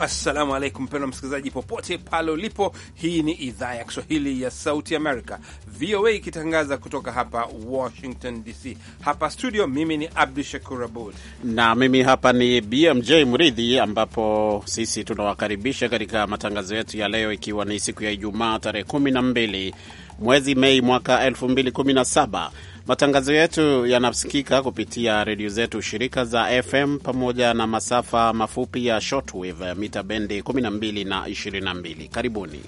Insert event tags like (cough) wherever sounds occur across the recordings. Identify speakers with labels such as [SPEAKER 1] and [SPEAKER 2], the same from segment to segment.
[SPEAKER 1] Assalamu alaikum mpendwa msikilizaji, popote pale ulipo. Hii ni idhaa ya Kiswahili ya Sauti Amerika, VOA, ikitangaza kutoka hapa Washington DC. Hapa studio, mimi ni Abdu Shakur Abud
[SPEAKER 2] na mimi hapa ni BMJ Mridhi, ambapo sisi tunawakaribisha katika matangazo yetu ya leo, ikiwa ni siku ya Ijumaa tarehe 12 mwezi Mei mwaka 2017 Matangazo yetu yanasikika kupitia redio zetu shirika za FM pamoja na masafa mafupi ya shortwave mita bendi 12 na 22. Karibuni.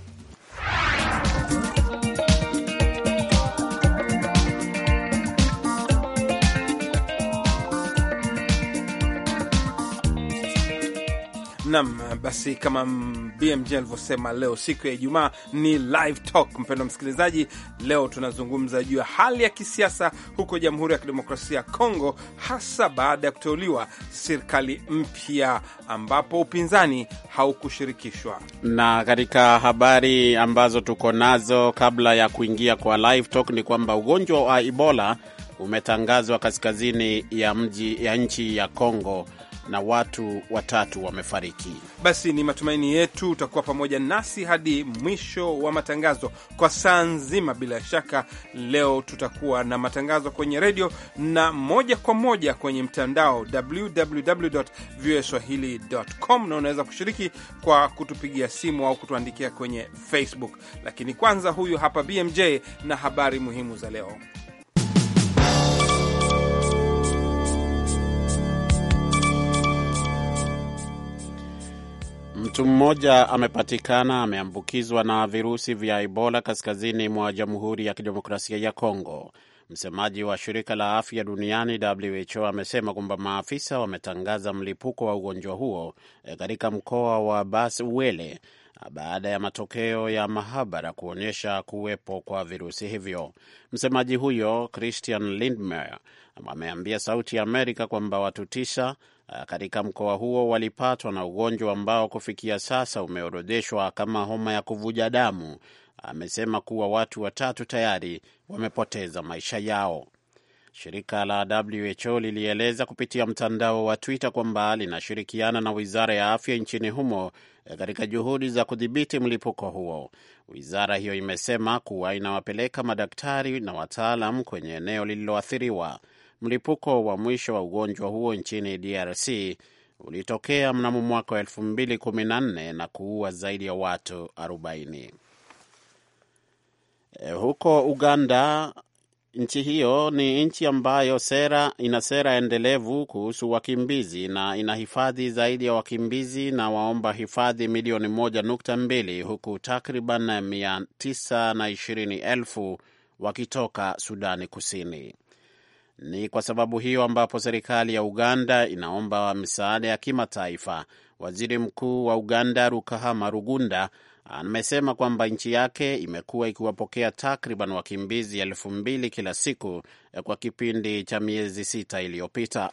[SPEAKER 1] Nam, basi kama BMJ alivyosema, leo siku ya Ijumaa ni live talk. Mpendwa msikilizaji, leo tunazungumza juu ya hali ya kisiasa huko Jamhuri ya Kidemokrasia ya Kongo, hasa baada ya kuteuliwa serikali mpya ambapo upinzani haukushirikishwa.
[SPEAKER 2] Na katika habari ambazo tuko nazo kabla ya kuingia kwa live talk ni kwamba ugonjwa wa Ebola umetangazwa kaskazini ya mji ya nchi ya Kongo na watu watatu wamefariki. Basi ni
[SPEAKER 1] matumaini yetu utakuwa pamoja nasi hadi mwisho wa matangazo kwa saa nzima. Bila shaka, leo tutakuwa na matangazo kwenye redio na moja kwa moja kwenye mtandao www swahilicom na unaweza kushiriki kwa kutupigia simu au kutuandikia kwenye Facebook. Lakini kwanza, huyu hapa BMJ na habari muhimu za leo.
[SPEAKER 2] Mtu mmoja amepatikana ameambukizwa na virusi vya Ebola kaskazini mwa Jamhuri ya Kidemokrasia ya Kongo. Msemaji wa shirika la afya duniani WHO amesema kwamba maafisa wametangaza mlipuko wa ugonjwa huo eh, katika mkoa wa Bas Uele ah, baada ya matokeo ya mahabara kuonyesha kuwepo kwa virusi hivyo. Msemaji huyo Christian Lindmeier ameambia Sauti ya Amerika kwamba watu tisa Eh, katika mkoa huo walipatwa na ugonjwa ambao kufikia sasa umeorodheshwa kama homa ya kuvuja damu. Amesema kuwa watu watatu tayari wamepoteza maisha yao. Shirika la WHO lilieleza kupitia mtandao wa Twitter kwamba linashirikiana na wizara ya afya nchini humo eh, katika juhudi za kudhibiti mlipuko huo. Wizara hiyo imesema kuwa inawapeleka madaktari na wataalam kwenye eneo lililoathiriwa. Mlipuko wa mwisho wa ugonjwa huo nchini DRC ulitokea mnamo mwaka wa 2014 na kuua zaidi ya watu 40. E, huko Uganda, nchi hiyo ni nchi ambayo sera ina sera endelevu kuhusu wakimbizi na ina hifadhi zaidi ya wakimbizi na waomba hifadhi milioni 1.2 huku takriban mia na elfu wakitoka Sudani Kusini. Ni kwa sababu hiyo ambapo serikali ya Uganda inaomba misaada ya kimataifa. Waziri Mkuu wa Uganda Rukahama Rugunda amesema kwamba nchi yake imekuwa ikiwapokea takriban wakimbizi elfu mbili kila siku kwa kipindi cha miezi sita iliyopita.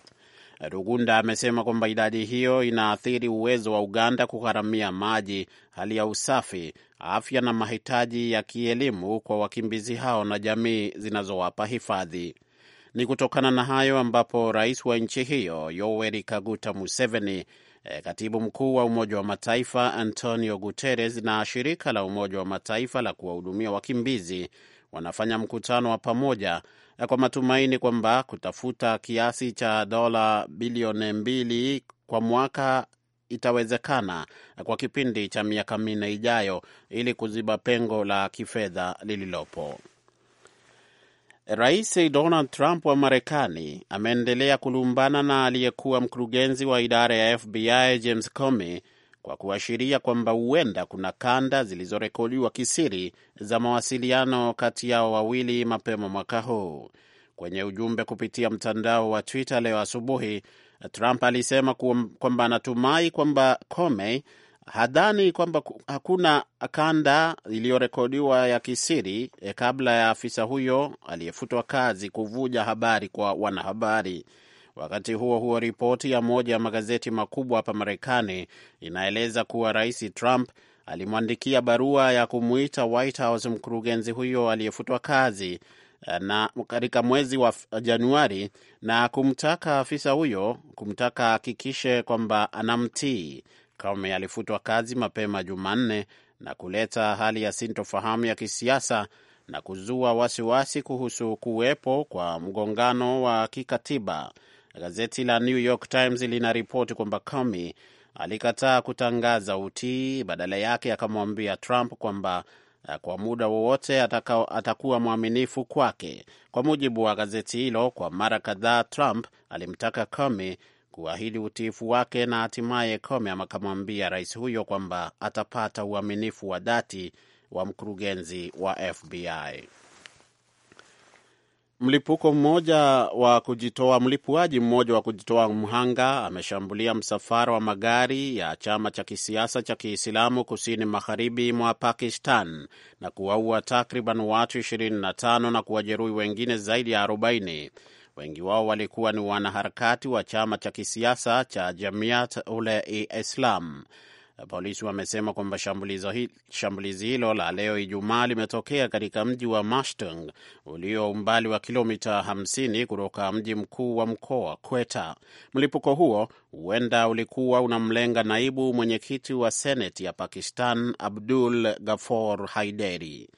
[SPEAKER 2] Rugunda amesema kwamba idadi hiyo inaathiri uwezo wa Uganda kugharamia maji, hali ya usafi, afya na mahitaji ya kielimu kwa wakimbizi hao na jamii zinazowapa hifadhi. Ni kutokana na hayo ambapo rais wa nchi hiyo Yoweri Kaguta Museveni, eh, katibu mkuu wa Umoja wa Mataifa Antonio Guterres na shirika la Umoja wa Mataifa la kuwahudumia wakimbizi wanafanya mkutano wa pamoja eh, kwa matumaini kwamba kutafuta kiasi cha dola bilioni mbili kwa mwaka itawezekana eh, kwa kipindi cha miaka minne ijayo ili kuziba pengo la kifedha lililopo. Rais Donald Trump wa Marekani ameendelea kulumbana na aliyekuwa mkurugenzi wa idara ya FBI James Comey kwa kuashiria kwamba huenda kuna kanda zilizorekodiwa kisiri za mawasiliano kati yao wawili mapema mwaka huu. Kwenye ujumbe kupitia mtandao wa Twitter leo asubuhi, Trump alisema kwamba anatumai kwamba Comey hadhani kwamba hakuna kanda iliyorekodiwa ya kisiri e, kabla ya afisa huyo aliyefutwa kazi kuvuja habari kwa wanahabari. Wakati huo huo, ripoti ya moja ya magazeti makubwa hapa Marekani inaeleza kuwa Rais Trump alimwandikia barua ya kumwita White House mkurugenzi huyo aliyefutwa kazi eh, na katika mwezi wa Januari na kumtaka afisa huyo kumtaka ahakikishe kwamba anamtii. Comey alifutwa kazi mapema Jumanne na kuleta hali ya sintofahamu ya kisiasa na kuzua wasiwasi wasi kuhusu kuwepo kwa mgongano wa kikatiba. Gazeti la New York Times ripoti kwamba Comey alikataa kutangaza utii, badala yake akamwambia Trump kwamba eh, kwa muda wowote atakuwa mwaminifu kwake. Kwa mujibu wa gazeti hilo, kwa mara kadhaa Trump alimtaka Comey kuahidi utiifu wake na hatimaye Comey akamwambia rais huyo kwamba atapata uaminifu wa dhati wa mkurugenzi wa FBI. Mlipuko mmoja wa kujitoa, mlipuaji mmoja wa kujitoa mhanga ameshambulia msafara wa magari ya chama cha kisiasa cha Kiislamu kusini magharibi mwa Pakistan na kuwaua takriban watu 25 na kuwajeruhi wengine zaidi ya Wengi wao walikuwa ni wanaharakati wa chama cha kisiasa cha Jamiat ule Islam. Polisi wamesema kwamba shambulizi hilo la leo Ijumaa limetokea katika mji wa Mashtung ulio umbali wa kilomita 50 kutoka mji mkuu wa mkoa Kweta. Mlipuko huo huenda ulikuwa unamlenga naibu mwenyekiti wa seneti ya Pakistan Abdul Gafor Haideri.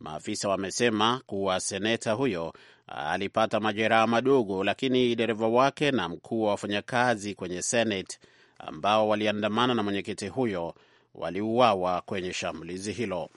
[SPEAKER 2] Maafisa wamesema kuwa seneta huyo alipata majeraha madogo, lakini dereva wake na mkuu wa wafanyakazi kwenye Senate ambao waliandamana na mwenyekiti huyo waliuawa kwenye shambulizi hilo.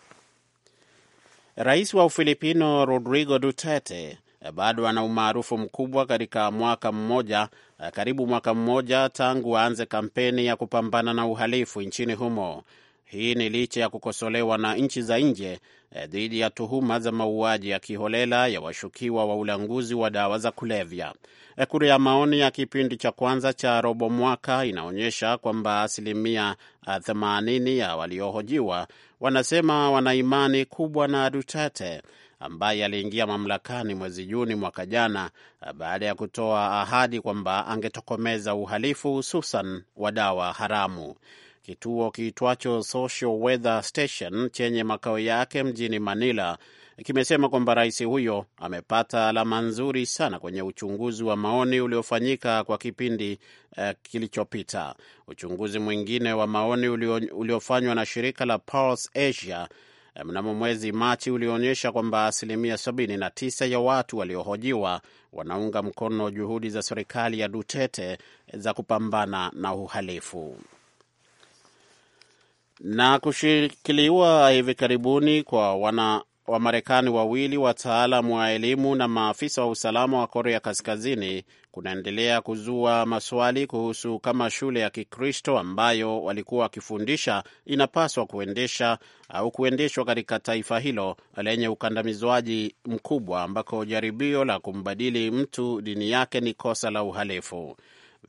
[SPEAKER 2] Rais wa Ufilipino Rodrigo Duterte bado ana umaarufu mkubwa katika mwaka mmoja, karibu mwaka mmoja tangu aanze kampeni ya kupambana na uhalifu nchini humo. Hii ni licha ya kukosolewa na nchi za nje eh, dhidi ya tuhuma za mauaji ya kiholela ya washukiwa wa ulanguzi wa dawa za kulevya. Eh, kura ya maoni ya kipindi cha kwanza cha robo mwaka inaonyesha kwamba asilimia 80 eh, ya waliohojiwa wanasema wana imani kubwa na Duterte ambaye aliingia mamlakani mwezi Juni mwaka jana baada ya kutoa ahadi kwamba angetokomeza uhalifu hususan wa dawa haramu. Kituo kiitwacho Social Weather Station chenye makao yake mjini Manila kimesema kwamba rais huyo amepata alama nzuri sana kwenye uchunguzi wa maoni uliofanyika kwa kipindi uh, kilichopita. Uchunguzi mwingine wa maoni ulio, uliofanywa na shirika la Pulse Asia eh, mnamo mwezi Machi ulionyesha kwamba asilimia 79 ya watu waliohojiwa wanaunga mkono juhudi za serikali ya Duterte za kupambana na uhalifu. Na kushikiliwa hivi karibuni kwa wana Wamarekani wawili wataalam wa elimu na maafisa wa usalama wa Korea Kaskazini kunaendelea kuzua maswali kuhusu kama shule ya Kikristo ambayo walikuwa wakifundisha inapaswa kuendesha au kuendeshwa katika taifa hilo lenye ukandamizwaji mkubwa ambako jaribio la kumbadili mtu dini yake ni kosa la uhalifu.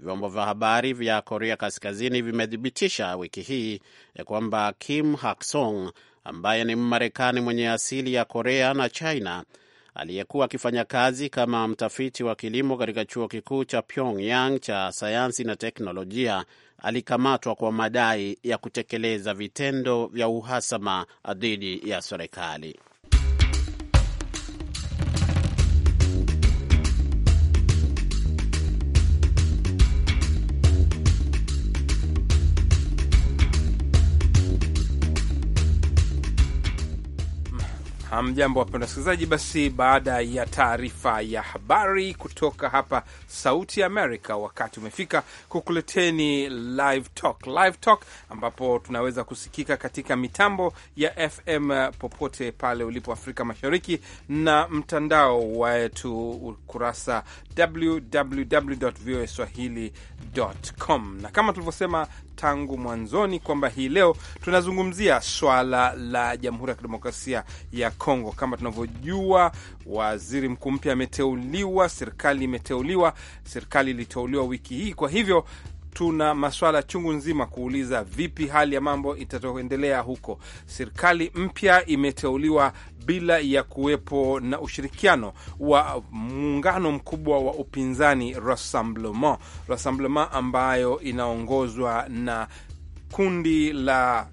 [SPEAKER 2] Vyombo vya habari vya Korea Kaskazini vimethibitisha wiki hii kwamba Kim haksong ambaye ni Mmarekani mwenye asili ya Korea na China aliyekuwa akifanya kazi kama mtafiti wa kilimo katika chuo kikuu cha Pyongyang cha sayansi na teknolojia alikamatwa kwa madai ya kutekeleza vitendo vya uhasama dhidi ya serikali.
[SPEAKER 1] mjambo wapenda wasikilizaji. Basi baada ya taarifa ya habari kutoka hapa Sauti ya Amerika, wakati umefika kukuleteni Live Talk. Live Talk ambapo tunaweza kusikika katika mitambo ya FM popote pale ulipo Afrika Mashariki na mtandao wetu ukurasa www voa swahili com, na kama tulivyosema tangu mwanzoni kwamba hii leo tunazungumzia swala la Jamhuri ya Kidemokrasia ya Kongo. Kama tunavyojua, waziri mkuu mpya ameteuliwa, serikali imeteuliwa, serikali iliteuliwa wiki hii. Kwa hivyo tuna maswala chungu nzima kuuliza, vipi hali ya mambo itatoendelea huko. Serikali mpya imeteuliwa bila ya kuwepo na ushirikiano wa muungano mkubwa wa upinzani Rassemblement, Rassemblement ambayo inaongozwa na kundi la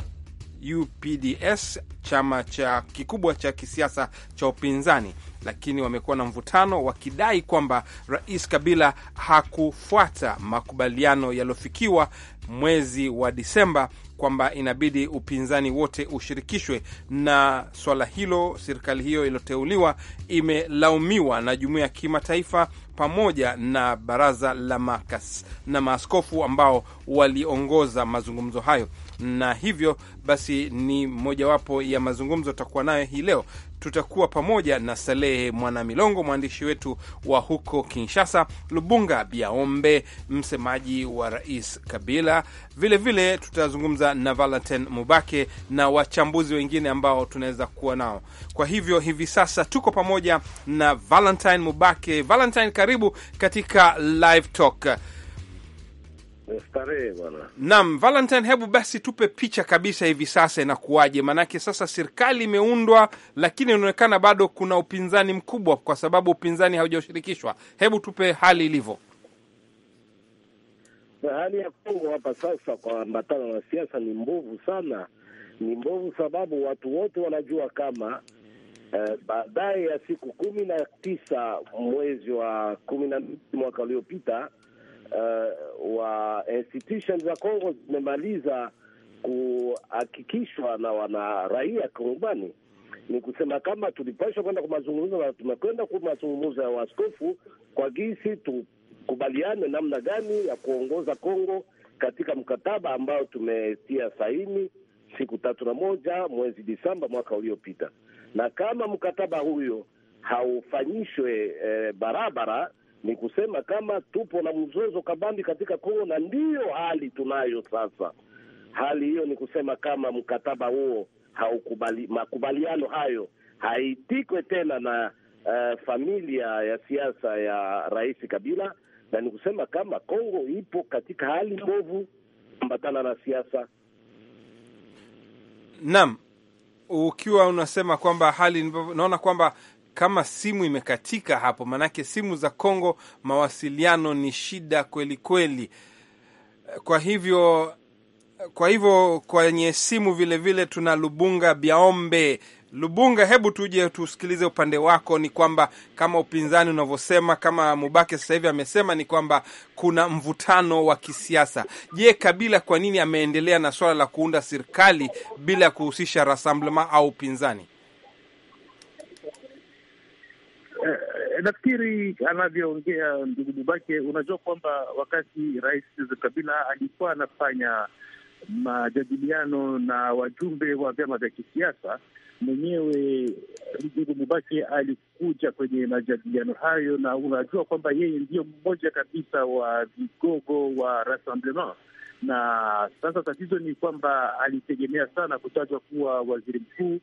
[SPEAKER 1] UPDS, chama cha kikubwa cha kisiasa cha upinzani, lakini wamekuwa na mvutano wakidai kwamba Rais Kabila hakufuata makubaliano yaliyofikiwa mwezi wa Disemba kwamba inabidi upinzani wote ushirikishwe, na swala hilo serikali hiyo iliyoteuliwa imelaumiwa na jumuiya ya kimataifa pamoja na baraza la makas na maaskofu ambao waliongoza mazungumzo hayo, na hivyo basi ni mojawapo ya mazungumzo tutakuwa nayo hii leo tutakuwa pamoja na Salehe Mwanamilongo, mwandishi wetu wa huko Kinshasa, Lubunga Biaombe, msemaji wa Rais Kabila. Vilevile vile, tutazungumza na Valentin Mubake na wachambuzi wengine ambao tunaweza kuwa nao. Kwa hivyo hivi sasa tuko pamoja na Valentin Mubake. Valentin, karibu katika Live Talk.
[SPEAKER 3] Starehe bwana.
[SPEAKER 1] Naam, Valentine, hebu basi tupe picha kabisa hivi sasa inakuwaje? Maanake sasa serikali imeundwa, lakini inaonekana bado kuna upinzani mkubwa, kwa sababu upinzani haujashirikishwa. Hebu tupe hali ilivyo.
[SPEAKER 3] hali ya Kongo hapa sasa kwa ambatana na siasa ni mbovu sana, ni mbovu sababu watu wote wanajua kama eh, baadaye ya siku kumi na tisa mwezi wa kumi na mbili mwaka uliopita uh, wa institution za Kongo zimemaliza kuhakikishwa na wana raia Kongomani, ni kusema kama tulipashwa kwenda kwa mazungumzo na tumekwenda kwa mazungumzo ya waskofu kwa gisi tukubaliane namna gani ya kuongoza Kongo katika mkataba ambao tumetia saini siku tatu na moja mwezi disemba mwaka uliopita, na kama mkataba huyo haufanyishwe e, barabara ni kusema kama tupo na mzozo kabambi katika Kongo, na ndiyo hali tunayo sasa. Hali hiyo ni kusema kama mkataba huo haukubali, makubaliano hayo haitikwe tena na uh, familia ya siasa ya Rais Kabila, na ni kusema kama Kongo ipo katika hali mbovu ambatana na siasa.
[SPEAKER 1] Naam, ukiwa unasema kwamba hali, naona kwamba kama simu imekatika hapo, maanake simu za Kongo mawasiliano ni shida kweli kweli. Kwa hivyo kwa hivyo kwenye simu vilevile vile tuna Lubunga Biaombe. Lubunga, hebu tuje tusikilize upande wako. Ni kwamba kama upinzani unavyosema, kama Mubake sasa hivi amesema, ni kwamba kuna mvutano wa kisiasa. Je, Kabila kwa nini ameendelea na swala la kuunda serikali bila ya kuhusisha Rassemblement au upinzani?
[SPEAKER 4] Nafikiri anavyoongea ndugu Bubake, unajua kwamba wakati Rais Kabila alikuwa anafanya majadiliano na wajumbe wa vyama vya kisiasa mwenyewe Ndugu Mubake alikuja kwenye majadiliano hayo, na unajua kwamba yeye ndiyo mmoja kabisa wa vigogo wa Rassemblement. Na sasa tatizo ni kwamba alitegemea sana kutajwa kuwa waziri mkuu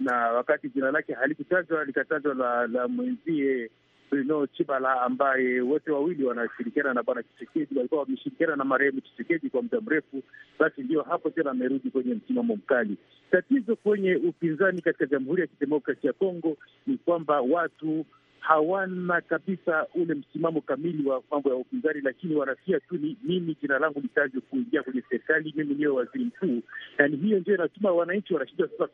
[SPEAKER 4] na wakati jina lake halikutajwa likatajwa la, la mwenzie Bruno Chibala ambaye wote wawili wanashirikiana na bwana Chisekedi, walikuwa wameshirikiana na marehemu Chisekedi kwa muda mrefu. Basi ndio hapo tena amerudi kwenye msimamo mkali. Tatizo kwenye upinzani katika Jamhuri ya Kidemokrasia ya Kongo ni kwamba watu hawana kabisa ule msimamo kamili wa mambo ya upinzani, lakini wanasia tu ni mimi, jina langu litaje kuingia kwenye serikali, mimi niwe waziri mkuu. Yani hiyo ndio inatuma wananchi wanashindwa sasa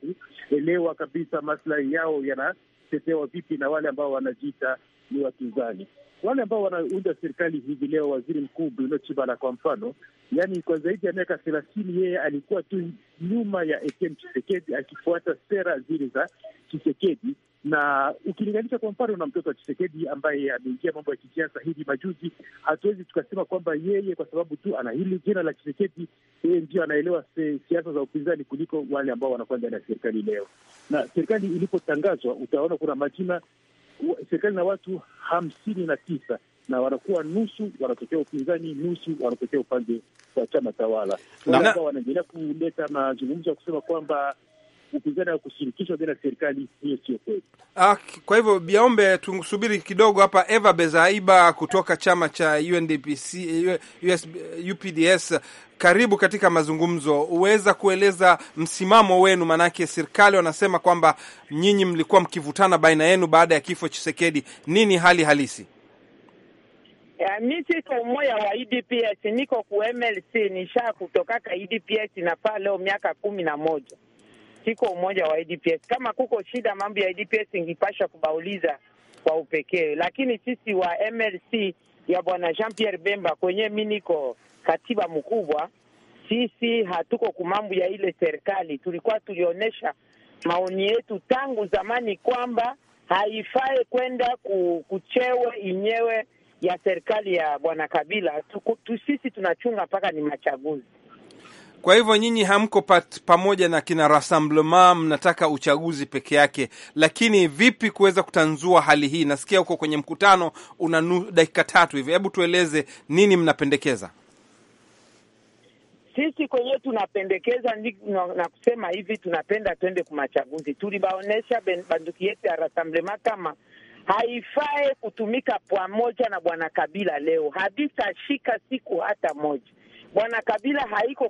[SPEAKER 4] kuelewa kabisa maslahi yao yanatetewa vipi na wale ambao wanajiita ni wapinzani, wale ambao wanaunda serikali hivi leo. Waziri mkuu Bruno Chibala kwa mfano, yani kwa zaidi ya miaka thelathini yeye alikuwa tu nyuma ya Etienne Tshisekedi akifuata sera zile za Tshisekedi na ukilinganisha kwa mfano na mtoto wa Chisekedi ambaye ameingia mambo ya kisiasa hivi majuzi, hatuwezi tukasema kwamba yeye kwa sababu tu ana hili jina la Chisekedi, yeye ndio anaelewa siasa za upinzani kuliko wale ambao wanakuwa ndani ya serikali leo. Na serikali ilipotangazwa, utaona kuna majina serikali na watu hamsini na tisa na wanakuwa nusu wanatokea upinzani, nusu wanatokea upande wa chama tawala, wanaendelea kuleta mazungumzo ya kusema kwamba kupigana na kushirikishwa bila serikali, hiyo sio kweli.
[SPEAKER 1] Ah, kwa hivyo Biaombe, tusubiri kidogo hapa. Eva Bezaiba kutoka chama cha UNDPC, US, UPDS, karibu katika mazungumzo. Huweza kueleza msimamo wenu? Maanake serikali wanasema kwamba nyinyi mlikuwa mkivutana baina yenu baada ya kifo Chisekedi. Nini hali halisi?
[SPEAKER 5] Mi siko umoja wa UDPS, e niko ku MLC, nisha kutokaka UDPS, e nafaa leo miaka kumi na moja siko umoja wa IDPS. Kama kuko shida mambo ya IDPS ingipasha kubauliza kwa upekee, lakini sisi wa MLC ya bwana Jean Pierre Bemba kwenye mi niko katiba mkubwa, sisi hatuko kumambo ya ile serikali. Tulikuwa tulionyesha maoni yetu tangu zamani kwamba haifai kwenda kuchewe inyewe ya serikali ya bwana Kabila tu, tu, sisi tunachunga mpaka ni machaguzi.
[SPEAKER 1] Kwa hivyo nyinyi hamko pat, pamoja na kina Rassemblement, mnataka uchaguzi peke yake, lakini vipi kuweza kutanzua hali hii? Nasikia huko kwenye mkutano una dakika tatu hivi, hebu tueleze nini mnapendekeza.
[SPEAKER 5] Sisi kwenyewe tunapendekeza na kusema hivi, tunapenda twende kumachaguzi. Tulibaonesha banduki yetu ya Rassemblement kama haifae kutumika pamoja na bwana Kabila leo, havitashika siku hata moja bwana Kabila haiko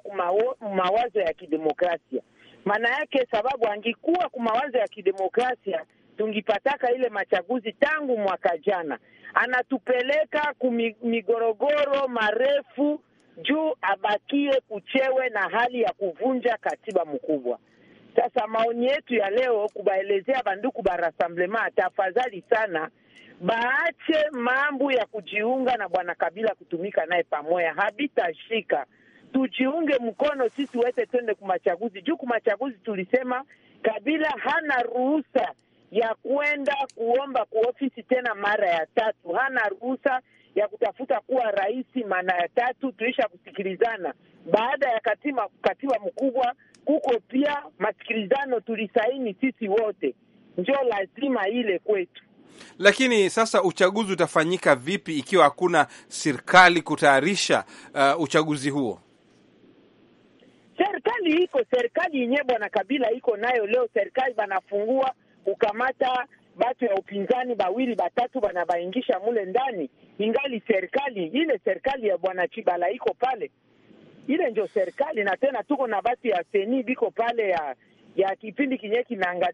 [SPEAKER 5] kumawazo ya kidemokrasia. Maana yake sababu angikuwa kumawazo ya kidemokrasia tungipataka ile machaguzi tangu mwaka jana. Anatupeleka kumigorogoro marefu juu abakie kuchewe na hali ya kuvunja katiba mkubwa. Sasa maoni yetu ya leo kubaelezea banduku ba rassemblement, tafadhali sana baache mambo ya kujiunga na bwana Kabila kutumika naye pamoya, habitashika. Tujiunge mkono sisi wote, twende kumachaguzi juu. Kumachaguzi tulisema Kabila hana ruhusa ya kwenda kuomba kuofisi tena mara ya tatu, hana ruhusa ya kutafuta kuwa rais mara ya tatu. Tuisha kusikilizana baada ya katima, katiba mkubwa kuko pia masikilizano tulisaini sisi wote, njo lazima ile kwetu
[SPEAKER 1] lakini sasa uchaguzi utafanyika vipi ikiwa hakuna serikali kutayarisha uh, uchaguzi huo?
[SPEAKER 5] Serikali iko serikali yenyewe bwana Kabila iko nayo leo. Serikali banafungua kukamata batu ya upinzani bawili batatu banabaingisha mule ndani, ingali serikali ile serikali ya bwana Chibala iko pale, ile ndio serikali. Na tena tuko na batu ya seni biko pale ya ya kipindi kinyewe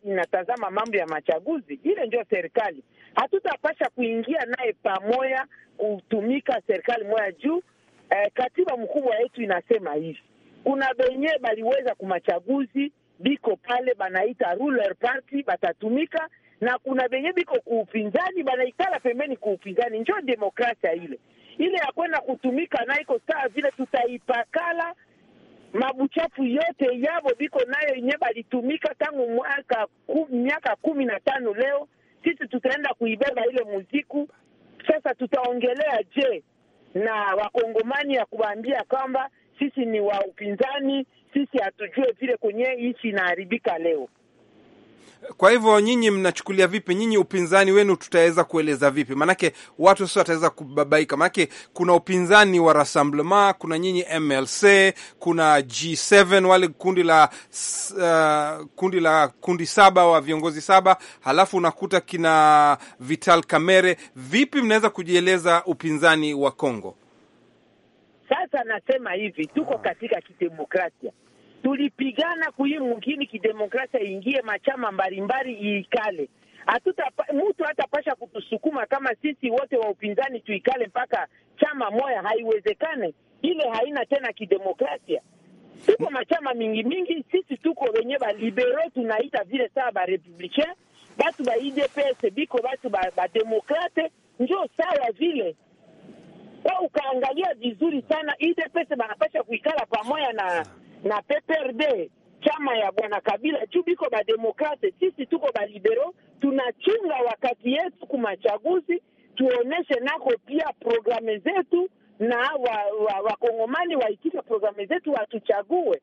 [SPEAKER 5] inatazama mambo ya machaguzi, ile ndio serikali. Hatutapasha kuingia naye pamoya kutumika serikali moya juu eh, katiba mkubwa yetu inasema hivi, kuna benye baliweza kumachaguzi biko pale banaita ruler party batatumika, na kuna benye biko kuupinzani banaikala pembeni kuupinzani. Njo demokrasia ile ile ya kwenda kutumika na iko saa vile tutaipakala mabuchafu yote yavo biko nayo inye balitumika tangu mwaka ku, miaka kumi na tano. Leo sisi tutaenda kuibeba ile muziku sasa. Tutaongelea je na wakongomani ya kuwaambia kwamba sisi ni wa upinzani, sisi hatujue vile kwenye nchi inaharibika leo.
[SPEAKER 1] Kwa hivyo nyinyi mnachukulia vipi? Nyinyi upinzani wenu tutaweza kueleza vipi? Maanake watu sasa wataweza kubabaika, maanake kuna upinzani wa Rassemblement, kuna nyinyi MLC, kuna G7 wale kundi la uh, kundi la kundi saba wa viongozi saba, halafu unakuta kina Vital Kamere. Vipi mnaweza kujieleza upinzani wa congo
[SPEAKER 5] Sasa nasema hivi, tuko katika kidemokrasia tulipigana kuyi mungini kidemokrasia ingie machama mbalimbali iikale hatuta mtu hatapasha kutusukuma kama sisi wote wa upinzani tuikale mpaka chama moya, haiwezekane. Ile haina tena kidemokrasia. Tuko machama mingi mingi, sisi tuko wenye balibero tunaita vile sawa, barepublicain batu ba IDPS biko batu ba, ba demokrate, njo sawa vile kwa ukaangalia vizuri sana ile pesa banapasha kuikala pamoya na na PPRD chama ya bwana Kabila juu biko bademokrate, sisi tuko balibero, tunachunga wakati yetu kumachaguzi, tuoneshe nako pia programe zetu na wakongomani wa, wa waitike programe zetu watuchague.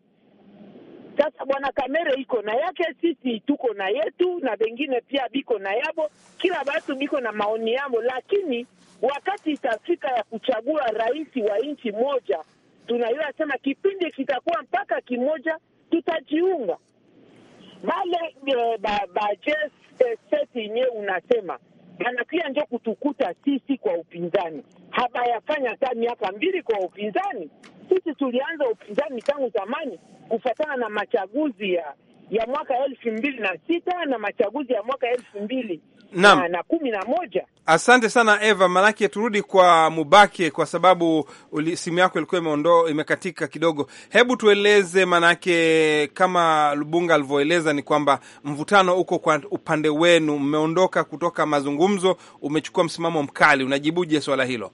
[SPEAKER 5] Sasa bwana Kamere iko na yake, sisi tuko na yetu, na bengine pia biko na yabo, kila batu biko na maoni yabo, lakini wakati itafika ya kuchagua rais wa nchi moja, tunaiwa sema kipindi kitakuwa mpaka kimoja, tutajiunga bale eh, bajeseti eh, yenyewe unasema banakia njo kutukuta sisi kwa upinzani, habayafanya hata miaka mbili kwa upinzani. Sisi tulianza upinzani tangu zamani kufatana na machaguzi ya ya mwaka elfu mbili na sita na machaguzi ya mwaka elfu mbili na, na kumi na moja.
[SPEAKER 1] Asante sana Eva, maanake turudi kwa Mubake kwa sababu simu yako ilikuwa imeondo imekatika kidogo. Hebu tueleze, maanake kama Lubunga alivyoeleza ni kwamba mvutano uko kwa upande wenu, mmeondoka kutoka mazungumzo, umechukua msimamo mkali. Unajibuje swala hilo?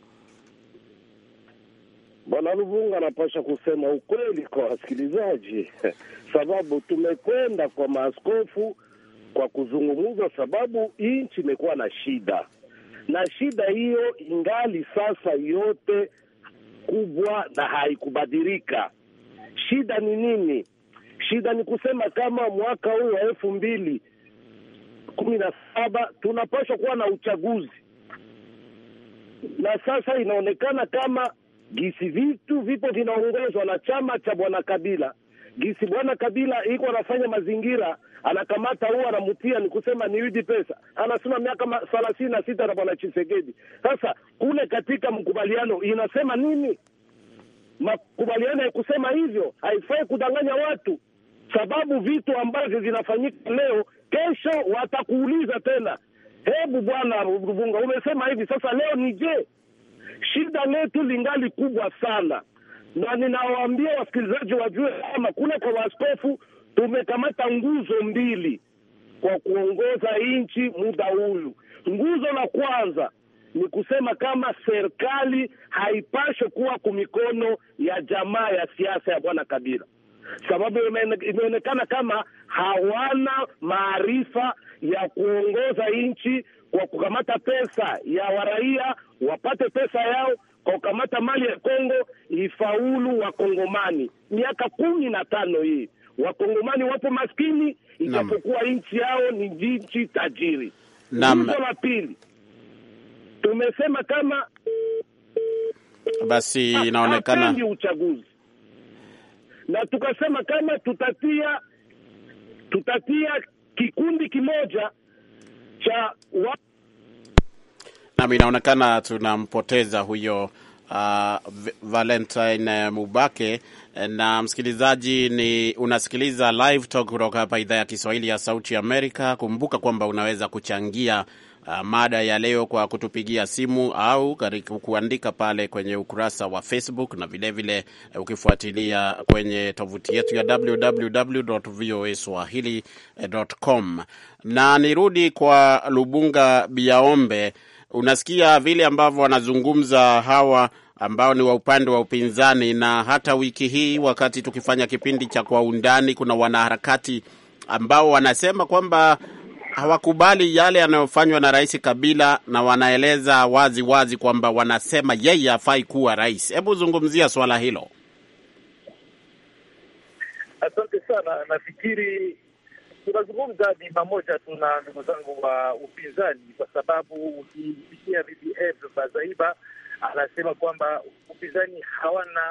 [SPEAKER 3] Bwana Luvunga anapasha kusema ukweli kwa wasikilizaji (laughs) sababu tumekwenda kwa maaskofu kwa kuzungumza, sababu nchi imekuwa na shida, na shida hiyo ingali sasa yote kubwa na haikubadilika. Shida ni nini? Shida ni
[SPEAKER 6] kusema kama mwaka huu wa elfu mbili kumi na saba tunapaswa kuwa na uchaguzi, na sasa inaonekana kama gisi vitu vipo vinaongozwa na chama cha bwana Kabila, gisi bwana Kabila iko anafanya mazingira, anakamata huo anamutia, ni kusema ni widi pesa, anasema miaka thelathini na sita na bwana Chisekedi. Sasa kule katika mkubaliano inasema nini? Makubaliano kusema hivyo, haifai kudanganya watu, sababu vitu ambavyo vinafanyika leo, kesho watakuuliza tena. Hebu bwana rubunga umesema hivi, sasa leo ni je shida letu lingali kubwa sana, na ninawaambia wasikilizaji wajue kama kule kwa waskofu tumekamata nguzo mbili kwa kuongoza nchi muda huyu. Nguzo la kwanza ni kusema kama serikali haipashe kuwa kumikono ya jamaa ya siasa ya bwana Kabila, sababu imeonekana kama hawana maarifa ya kuongoza nchi kwa kukamata pesa ya waraia wapate pesa yao kwa ukamata mali ya Kongo ifaulu Wakongomani. Miaka kumi na tano hii Wakongomani wapo maskini, ijapokuwa nchi yao ni nchi tajiri. Uzo la pili tumesema kama
[SPEAKER 2] basi inaonekana
[SPEAKER 6] uchaguzi na tukasema kama tutatia tutatia kikundi kimoja cha watu
[SPEAKER 2] Nam, inaonekana tunampoteza huyo Uh, Valentine eh, Mubake. Na msikilizaji, ni unasikiliza Live Talk kutoka hapa idhaa ya Kiswahili ya Sauti ya Amerika. Kumbuka kwamba unaweza kuchangia uh, mada ya leo kwa kutupigia simu au kuandika pale kwenye ukurasa wa Facebook na vilevile vile, uh, ukifuatilia kwenye tovuti yetu ya www.voaswahili.com. Eh, na nirudi kwa Lubunga Biaombe unasikia vile ambavyo wanazungumza hawa ambao ni wa upande wa upinzani, na hata wiki hii wakati tukifanya kipindi cha Kwa Undani, kuna wanaharakati ambao wanasema kwamba hawakubali yale yanayofanywa na Rais Kabila na wanaeleza wazi wazi kwamba wanasema yeye hafai kuwa rais. Hebu zungumzia swala hilo.
[SPEAKER 4] Asante sana. Nafikiri tunazungumza ni pamoja tu na ndugu zangu wa upinzani, kwa sababu ukimsikia BBF Bazaiba anasema kwamba upinzani hawana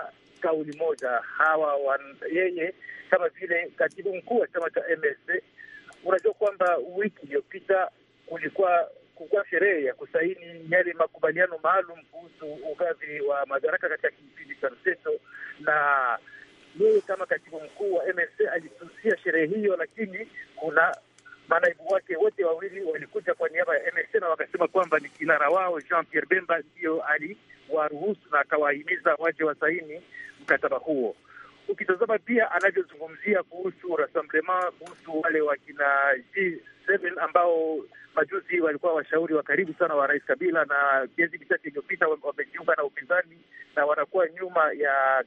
[SPEAKER 4] kauli moja hawa wan, yeye kama vile katibu mkuu wa chama cha MSC. Unajua kwamba wiki iliyopita kulikuwa kukuwa sherehe ya kusaini yale makubaliano maalum kuhusu ugavi wa madaraka katika kipindi cha mseto na yeye kama katibu mkuu wa MLC alisusia sherehe hiyo, lakini kuna manaibu wake wote wawili walikuja kwa niaba ya MLC na wakasema kwamba ni kinara wao Jean Pierre Bemba ndiyo aliwaruhusu na akawahimiza waje wasaini mkataba huo. Ukitazama pia anavyozungumzia kuhusu rassemblement, kuhusu wale wakina G7 ambao majuzi walikuwa washauri wa karibu sana wa Rais Kabila na miezi michache iliyopita wamejiunga na upinzani na wanakuwa nyuma ya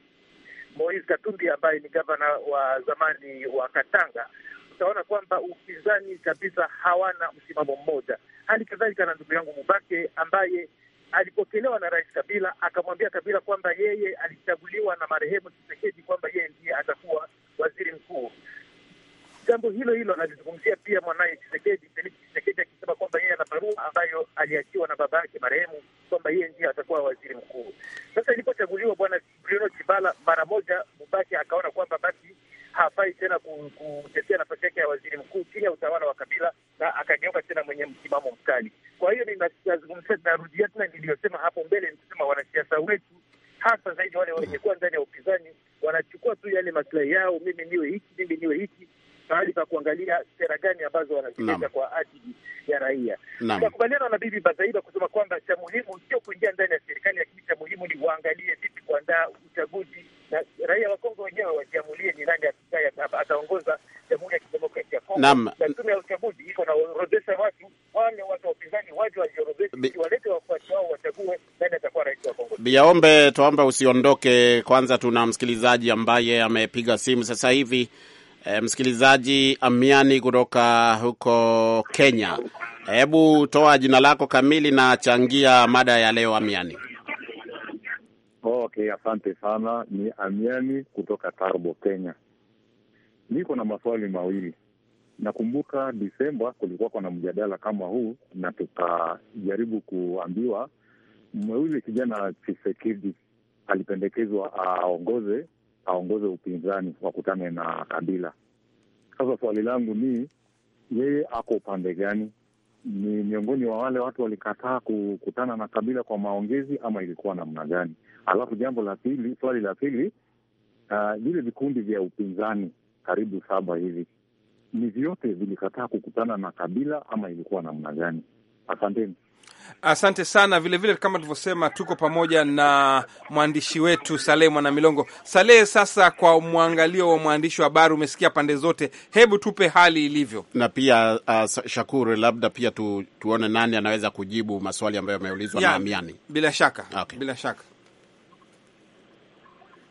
[SPEAKER 4] Moise Katumbi ambaye ni gavana wa zamani wa Katanga, utaona kwamba upinzani kabisa hawana msimamo mmoja. Hali kadhalika na ndugu yangu Mubake ambaye alipokelewa na Rais Kabila akamwambia Kabila kwamba yeye alichaguliwa na marehemu Tshisekedi kwamba yeye ndiye atakuwa waziri mkuu, jambo hilo hilo analizungumzia pia mwanaye Chisekedi, Felix Chisekedi, akisema kwamba yeye ana barua ambayo aliachiwa na baba yake marehemu kwamba yeye ndiye atakuwa waziri mkuu. Sasa ilipochaguliwa bwana Bruno Chibala, mara moja Mubaki akaona kwamba basi hafai tena
[SPEAKER 3] kutetea
[SPEAKER 4] nafasi yake ya waziri mkuu chini ya utawala wa Kabila, na akageuka tena mwenye msimamo mkali. Kwa hiyo ninazungumzia, ninarudia tena niliyosema hapo mbele, nikisema wanasiasa wetu hasa zaidi wale wenye kuwa ndani ya upinzani wanachukua tu yale maslahi yao, mimi niwe hiki, mimi niwe hiki mahali pa kuangalia sera gani ambazo wanazileta kwa ajili ya raia. Tunakubaliana na Bibi Bazaiba kusema kwamba cha muhimu sio kuingia ndani ya serikali, lakini cha muhimu ni waangalie vipi kuandaa uchaguzi na raia wa Kongo wenyewe wajiamulie ni nani ataongoza Jamhuri ya Kidemokrasia ya Kongo. Na tume ya uchaguzi iko na orodhesha watu wale, watu wa upinzani waje
[SPEAKER 2] wajiorodheshe, walete wafuasi wao, wachague nani atakuwa rais wa Kongo. Biaombe, tuombe usiondoke, kwanza tuna msikilizaji ambaye amepiga simu sasa hivi. E, msikilizaji Amiani kutoka huko Kenya, hebu toa jina lako kamili na changia mada ya leo Amiani. Okay,
[SPEAKER 4] asante sana. Ni Amiani kutoka Tarbo, Kenya. Niko na maswali mawili. Nakumbuka Desemba kulikuwa kuna mjadala kama huu, na tukajaribu kuambiwa mwewili kijana Chisekedi alipendekezwa aongoze aongoze upinzani wakutane na Kabila. Sasa swali langu ni yeye ako upande gani? Ni miongoni wa wale watu walikataa kukutana na Kabila kwa maongezi ama ilikuwa namna gani? Alafu jambo la pili, swali la pili, uh, vile uh, vikundi vya upinzani karibu saba hivi ni vyote vilikataa kukutana na Kabila ama ilikuwa namna gani? Asanteni.
[SPEAKER 1] Asante sana vilevile vile, kama tulivyosema, tuko pamoja na mwandishi wetu salehe Mwana Milongo. Saleh, sasa kwa mwangalio wa mwandishi wa habari, umesikia pande zote, hebu tupe hali ilivyo,
[SPEAKER 2] na pia uh, Shakuru, labda pia tu, tuone nani anaweza kujibu maswali ambayo yameulizwa na Amiani. Bila shaka, okay. bila shaka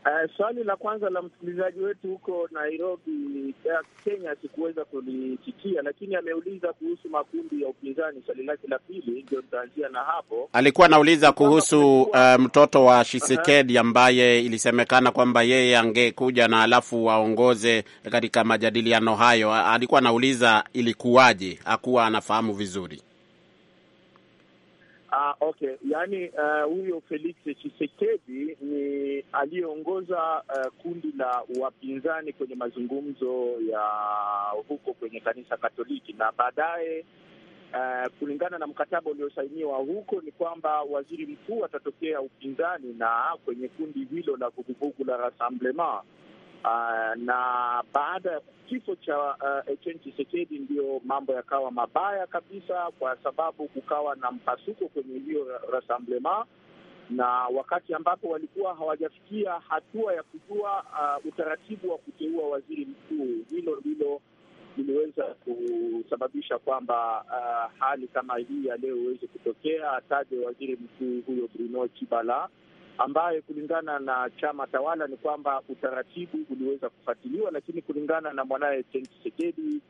[SPEAKER 4] Uh, swali la kwanza la msikilizaji wetu huko Nairobi ya eh, Kenya sikuweza kulisikia, lakini ameuliza kuhusu makundi ya upinzani. Swali lake la pili ndio nitaanzia na hapo.
[SPEAKER 2] Alikuwa anauliza kuhusu uh, mtoto wa Shisekedi ambaye ilisemekana kwamba yeye angekuja na alafu waongoze katika majadiliano hayo. Alikuwa anauliza ilikuwaje, hakuwa anafahamu vizuri.
[SPEAKER 4] Ah, okay, yaani huyo uh, Felix Chisekedi ni aliyeongoza uh, eh, kundi la wapinzani kwenye mazungumzo ya huko kwenye kanisa Katoliki na baadaye Uh, kulingana na mkataba uliosainiwa huko ni kwamba waziri mkuu atatokea upinzani na kwenye kundi hilo la vuguvugu la Rassemblement Uh, na baada ya kifo cha uh, Etienne Tshisekedi ndiyo mambo yakawa mabaya kabisa, kwa sababu kukawa na mpasuko kwenye hiyo rassemblement, na wakati ambapo walikuwa hawajafikia hatua ya kujua uh, utaratibu wa kuteua waziri mkuu. Hilo ndilo liliweza kusababisha kwamba uh, hali kama hii ya leo iweze kutokea, ataje waziri mkuu huyo Bruno Tshibala ambayo kulingana na chama tawala ni kwamba utaratibu uliweza kufuatiliwa, lakini kulingana na mwanaye Tshisekedi,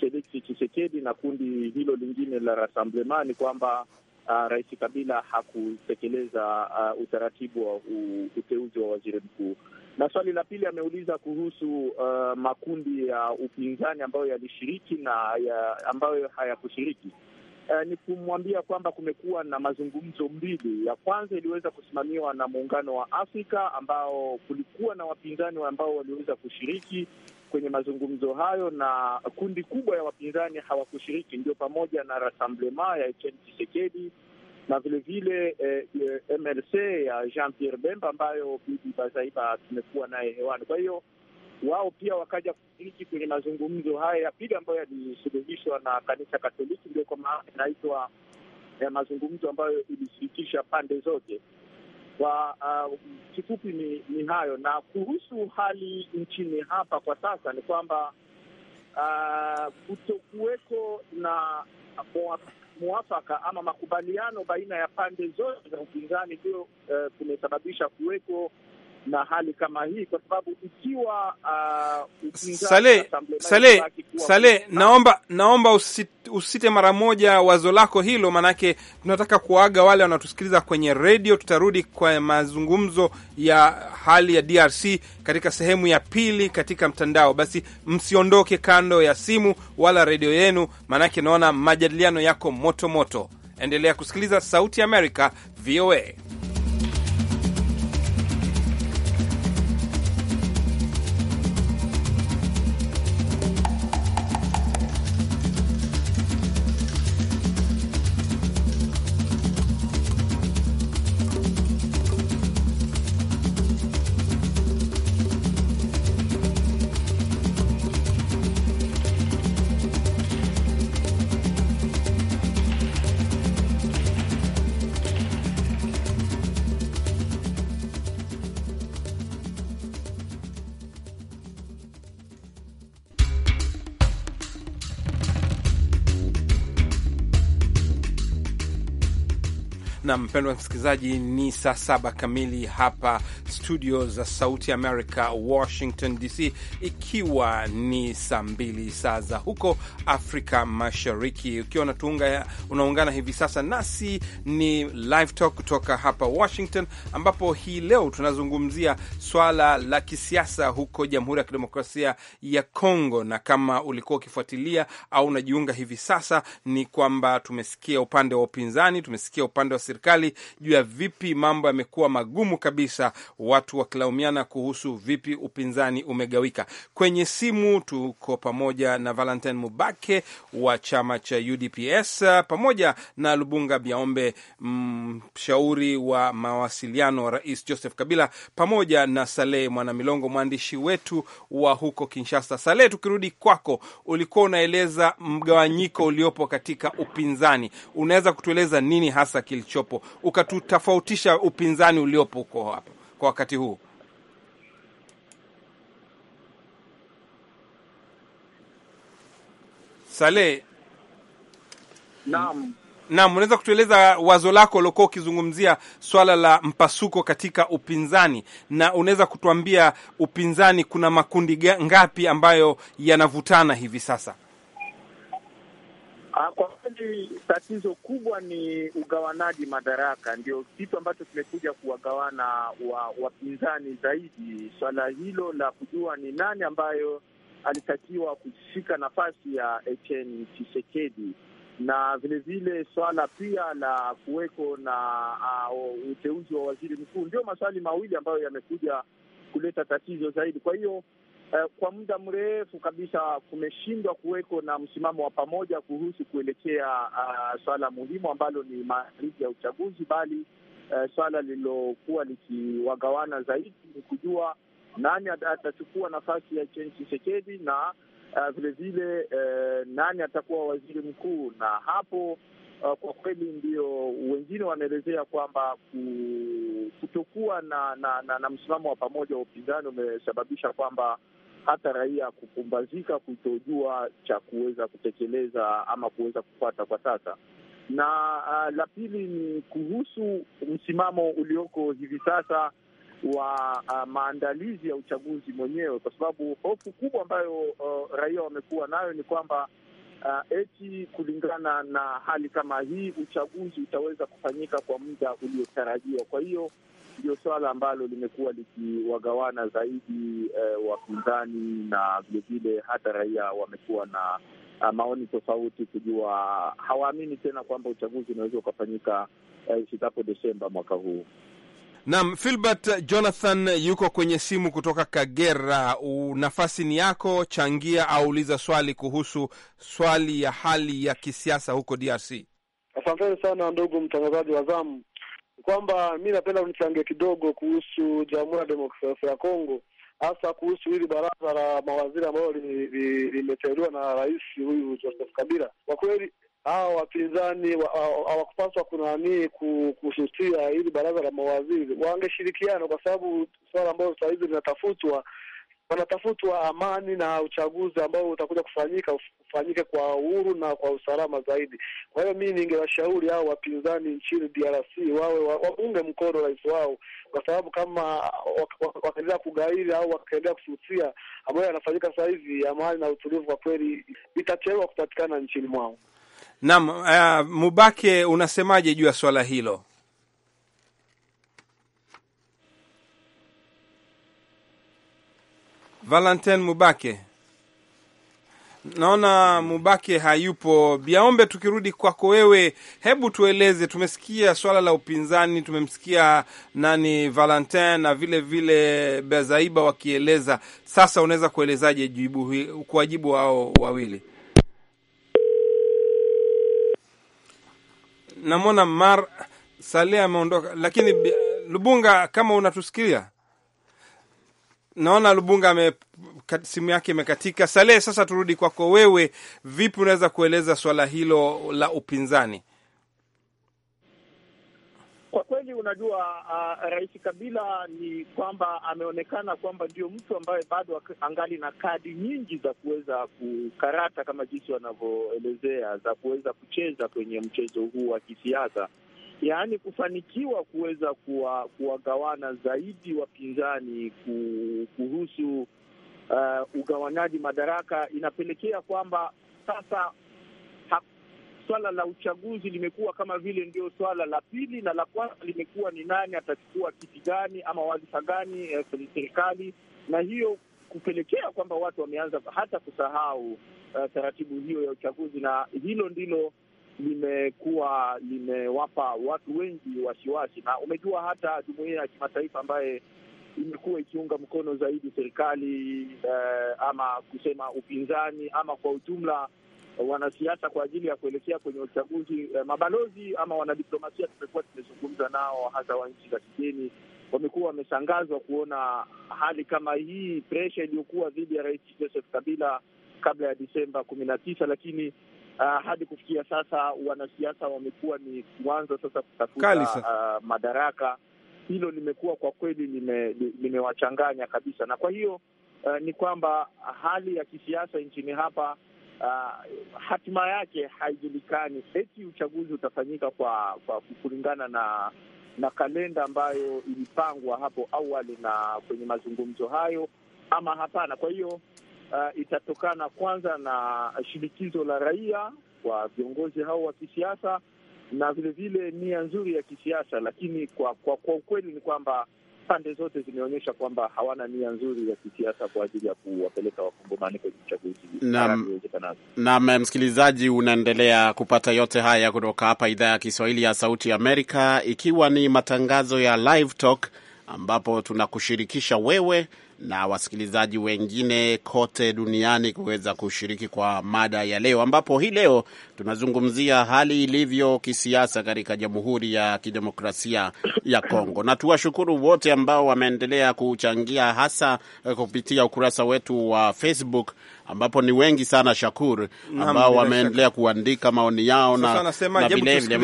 [SPEAKER 4] Feliksi Tshisekedi na kundi hilo lingine la Rassemblement ni kwamba uh, Rais Kabila hakutekeleza uh, utaratibu wa uteuzi wa waziri mkuu. Na swali la pili ameuliza kuhusu uh, makundi ya upinzani ambayo yalishiriki na ya ambayo hayakushiriki uh, ni kumwambia kwamba kumekuwa na mazungumzo mbili. Ya kwanza iliweza kusimamiwa na Muungano wa Afrika ambao kulikuwa na wapinzani ambao waliweza kushiriki kwenye mazungumzo hayo, na kundi kubwa ya wapinzani hawakushiriki, ndio pamoja na Rassemblement ya Etienne Tshisekedi na vilevile eh, eh, MLC ya Jean Pierre Bemba ambayo Bibi Bazaiba tumekuwa naye hewani. Kwa hiyo wao pia wakaja kushiriki kwenye mazungumzo haya ya pili ambayo yalisuluhishwa na kanisa Katoliki, ndio kwa maana inaitwa ya eh, mazungumzo ambayo ilishirikisha pande zote. Kwa uh, kifupi ni, ni hayo. Na kuhusu hali nchini hapa kwa sasa ni kwamba uh, kutokuweko na mwafaka ama makubaliano baina ya pande zote za upinzani ndio uh, kumesababisha kuweko na hali kama hii, kwa sababu ikiwa uh,
[SPEAKER 1] Sale, naomba naomba usite mara moja wazo lako hilo, maanake tunataka kuaga wale wanatusikiliza kwenye redio. Tutarudi kwa mazungumzo ya hali ya DRC katika sehemu ya pili katika mtandao. Basi msiondoke kando ya simu wala redio yenu, maanake naona majadiliano yako moto moto. Endelea kusikiliza Sauti ya Amerika, VOA. na mpendwa msikilizaji, ni saa saba kamili hapa studio za Sauti America, Washington DC, ikiwa ni saa mbili saa za huko Afrika Mashariki. Ukiwa natuunga, unaungana hivi sasa nasi ni Live Talk kutoka hapa Washington, ambapo hii leo tunazungumzia swala la kisiasa huko Jamhuri ya Kidemokrasia ya Kongo, na kama ulikuwa ukifuatilia au unajiunga hivi sasa, ni kwamba tumesikia upande wa upinzani, tumesikia upande wa serikali juu ya vipi mambo yamekuwa magumu kabisa, watu wakilaumiana kuhusu vipi upinzani umegawika. Kwenye simu tuko pamoja na Valentin Mubake wa chama cha UDPS pamoja na Lubunga Biaombe, mshauri mm, wa mawasiliano wa Rais Joseph Kabila, pamoja na Saleh Mwanamilongo, mwandishi wetu wa huko Kinshasa. Saleh, tukirudi kwako, ulikuwa unaeleza mgawanyiko uliopo katika upinzani, unaweza kutueleza nini hasa kilicho kilichopo, ukatutofautisha upinzani uliopo huko hapo kwa wakati huu? Sale, naam. Naam, unaweza kutueleza wazo lako uliokuwa ukizungumzia swala la mpasuko katika upinzani, na unaweza kutuambia upinzani kuna makundi ngapi ambayo yanavutana hivi sasa?
[SPEAKER 4] Ah, kwa kweli tatizo kubwa ni ugawanaji madaraka, ndio kitu ambacho kimekuja kuwagawana wa wapinzani zaidi. Swala hilo la kujua ni nani ambayo alitakiwa kushika nafasi ya Etienne Tshisekedi, na vilevile swala pia la kuweko na uh, uteuzi wa waziri mkuu, ndio maswali mawili ambayo yamekuja kuleta tatizo zaidi. Kwa hiyo eh, kwa muda mrefu kabisa kumeshindwa kuweko na msimamo wa pamoja kuhusu kuelekea uh, swala muhimu ambalo ni maandalizi ya uchaguzi, bali uh, swala lililokuwa likiwagawana zaidi ni kujua nani atachukua nafasi ya Chen chisekedi na vilevile eh, uh, eh, uh, nani atakuwa waziri mkuu. Na hapo uh, kwa kweli ndio wengine wanaelezea kwamba kutokuwa na, na, na, na msimamo wa pamoja wa upinzani umesababisha kwamba hata raia kupumbazika, kutojua cha kuweza kutekeleza ama kuweza kupata kwa sasa. Na uh, la pili ni kuhusu msimamo ulioko hivi sasa wa uh, maandalizi ya uchaguzi mwenyewe, kwa sababu hofu kubwa ambayo uh, raia wamekuwa nayo ni kwamba uh, eti kulingana na hali kama hii uchaguzi utaweza kufanyika kwa muda uliotarajiwa. Kwa hiyo ndio swala ambalo limekuwa likiwagawana zaidi eh, wapinzani na vilevile hata raia wamekuwa na uh, maoni tofauti, kujua hawaamini tena kwamba uchaguzi unaweza ukafanyika eh, ifikapo eh, Desemba mwaka huu.
[SPEAKER 1] Naam, Filbert Jonathan yuko kwenye simu kutoka Kagera. Nafasi ni yako, changia au uliza swali kuhusu swali ya hali ya kisiasa huko DRC.
[SPEAKER 3] Asanteni sana ndugu mtangazaji wa zamu kwamba mi napenda mchange kidogo kuhusu Jamhuri ya Demokrasia ya Kongo, hasa kuhusu hili baraza la mawaziri ambalo limeteuliwa li, li na rais huyu Joseph Kabila. Kwa kweli hawa wapinzani hawakupaswa kunanii kususia hili baraza la mawaziri, wangeshirikiana kwa sababu swala ambalo saa hizi linatafutwa wanatafutwa amani na uchaguzi ambao utakuja
[SPEAKER 4] kufanyika ufanyike kwa uhuru na kwa usalama zaidi. Kwa hiyo mi ningewashauri hao wapinzani nchini DRC wawe waunge mkono rais wao, kwa sababu kama wakaendelea kugairi au wakaendelea kususia ambayo yanafanyika sasa hivi, amani na utulivu kwa kweli itachelewa kupatikana nchini mwao.
[SPEAKER 1] Naam, uh, Mubake, unasemaje juu ya swala hilo? Valentin Mubake. Naona Mubake hayupo. Biaombe, tukirudi kwako wewe, hebu tueleze, tumesikia swala la upinzani, tumemsikia nani Valentin na vile vile Bezaiba wakieleza. Sasa unaweza kuelezaje jibu kuwajibu wao wawili? Namwona Mar Saleh ameondoka, lakini Lubunga, kama unatusikia Naona Lubunga ame simu yake imekatika. salehe sasa turudi kwako wewe, vipi unaweza kueleza swala hilo la upinzani?
[SPEAKER 4] Kwa kweli, unajua uh, Rais Kabila ni kwamba ameonekana kwamba ndio mtu ambaye bado angali na kadi nyingi za kuweza kukarata kama jinsi wanavyoelezea, za kuweza kucheza kwenye mchezo huu wa kisiasa yaani kufanikiwa kuweza kuwagawana zaidi wapinzani kuhusu uh, ugawanaji madaraka, inapelekea kwamba sasa swala la uchaguzi limekuwa kama vile ndio swala la pili, na la kwanza limekuwa ni nani atachukua kiti gani ama wadhifa gani eh, kwenye serikali, na hiyo kupelekea kwamba watu wameanza hata kusahau uh, taratibu hiyo ya uchaguzi, na hilo ndilo limekuwa limewapa watu wengi wasiwasi, na umejua hata jumuiya ya kimataifa ambaye imekuwa ikiunga mkono zaidi serikali eh, ama kusema upinzani ama kwa ujumla eh, wanasiasa kwa ajili ya kuelekea kwenye uchaguzi eh, mabalozi ama wanadiplomasia tumekuwa tumezungumza nao, hasa wa nchi za kigeni, wamekuwa wameshangazwa kuona hali kama hii, presha iliyokuwa dhidi ya Rais Joseph Kabila kabla ya Disemba kumi na tisa, lakini Uh, hadi kufikia sasa wanasiasa wamekuwa ni kuanza sasa kutafuta uh, madaraka. Hilo limekuwa kwa kweli limewachanganya lime kabisa, na kwa hiyo uh, ni kwamba hali ya kisiasa nchini hapa uh, hatima yake haijulikani, eti uchaguzi utafanyika kwa, kwa kulingana na na kalenda ambayo ilipangwa hapo awali na kwenye mazungumzo hayo ama hapana. Kwa hiyo uh, itatokana kwanza na shinikizo la raia kwa viongozi hao wa kisiasa na vilevile nia nzuri ya kisiasa, lakini kwa kwa, kwa ukweli ni kwamba pande zote zimeonyesha kwamba hawana nia nzuri ya kisiasa kwa ajili ya kuwapeleka wakongomani kwenye uchaguzi
[SPEAKER 2] Naam, eh, msikilizaji, unaendelea kupata yote haya kutoka hapa idhaa ya Kiswahili ya Sauti ya Amerika, ikiwa ni matangazo ya Live Talk ambapo tunakushirikisha wewe na wasikilizaji wengine kote duniani kuweza kushiriki kwa mada ya leo, ambapo hii leo tunazungumzia hali ilivyo kisiasa katika Jamhuri ya Kidemokrasia ya Kongo, na tuwashukuru wote ambao wameendelea kuchangia hasa eh, kupitia ukurasa wetu wa Facebook ambapo ni wengi sana Shakur, ambao wameendelea kuandika maoni yao na vilevile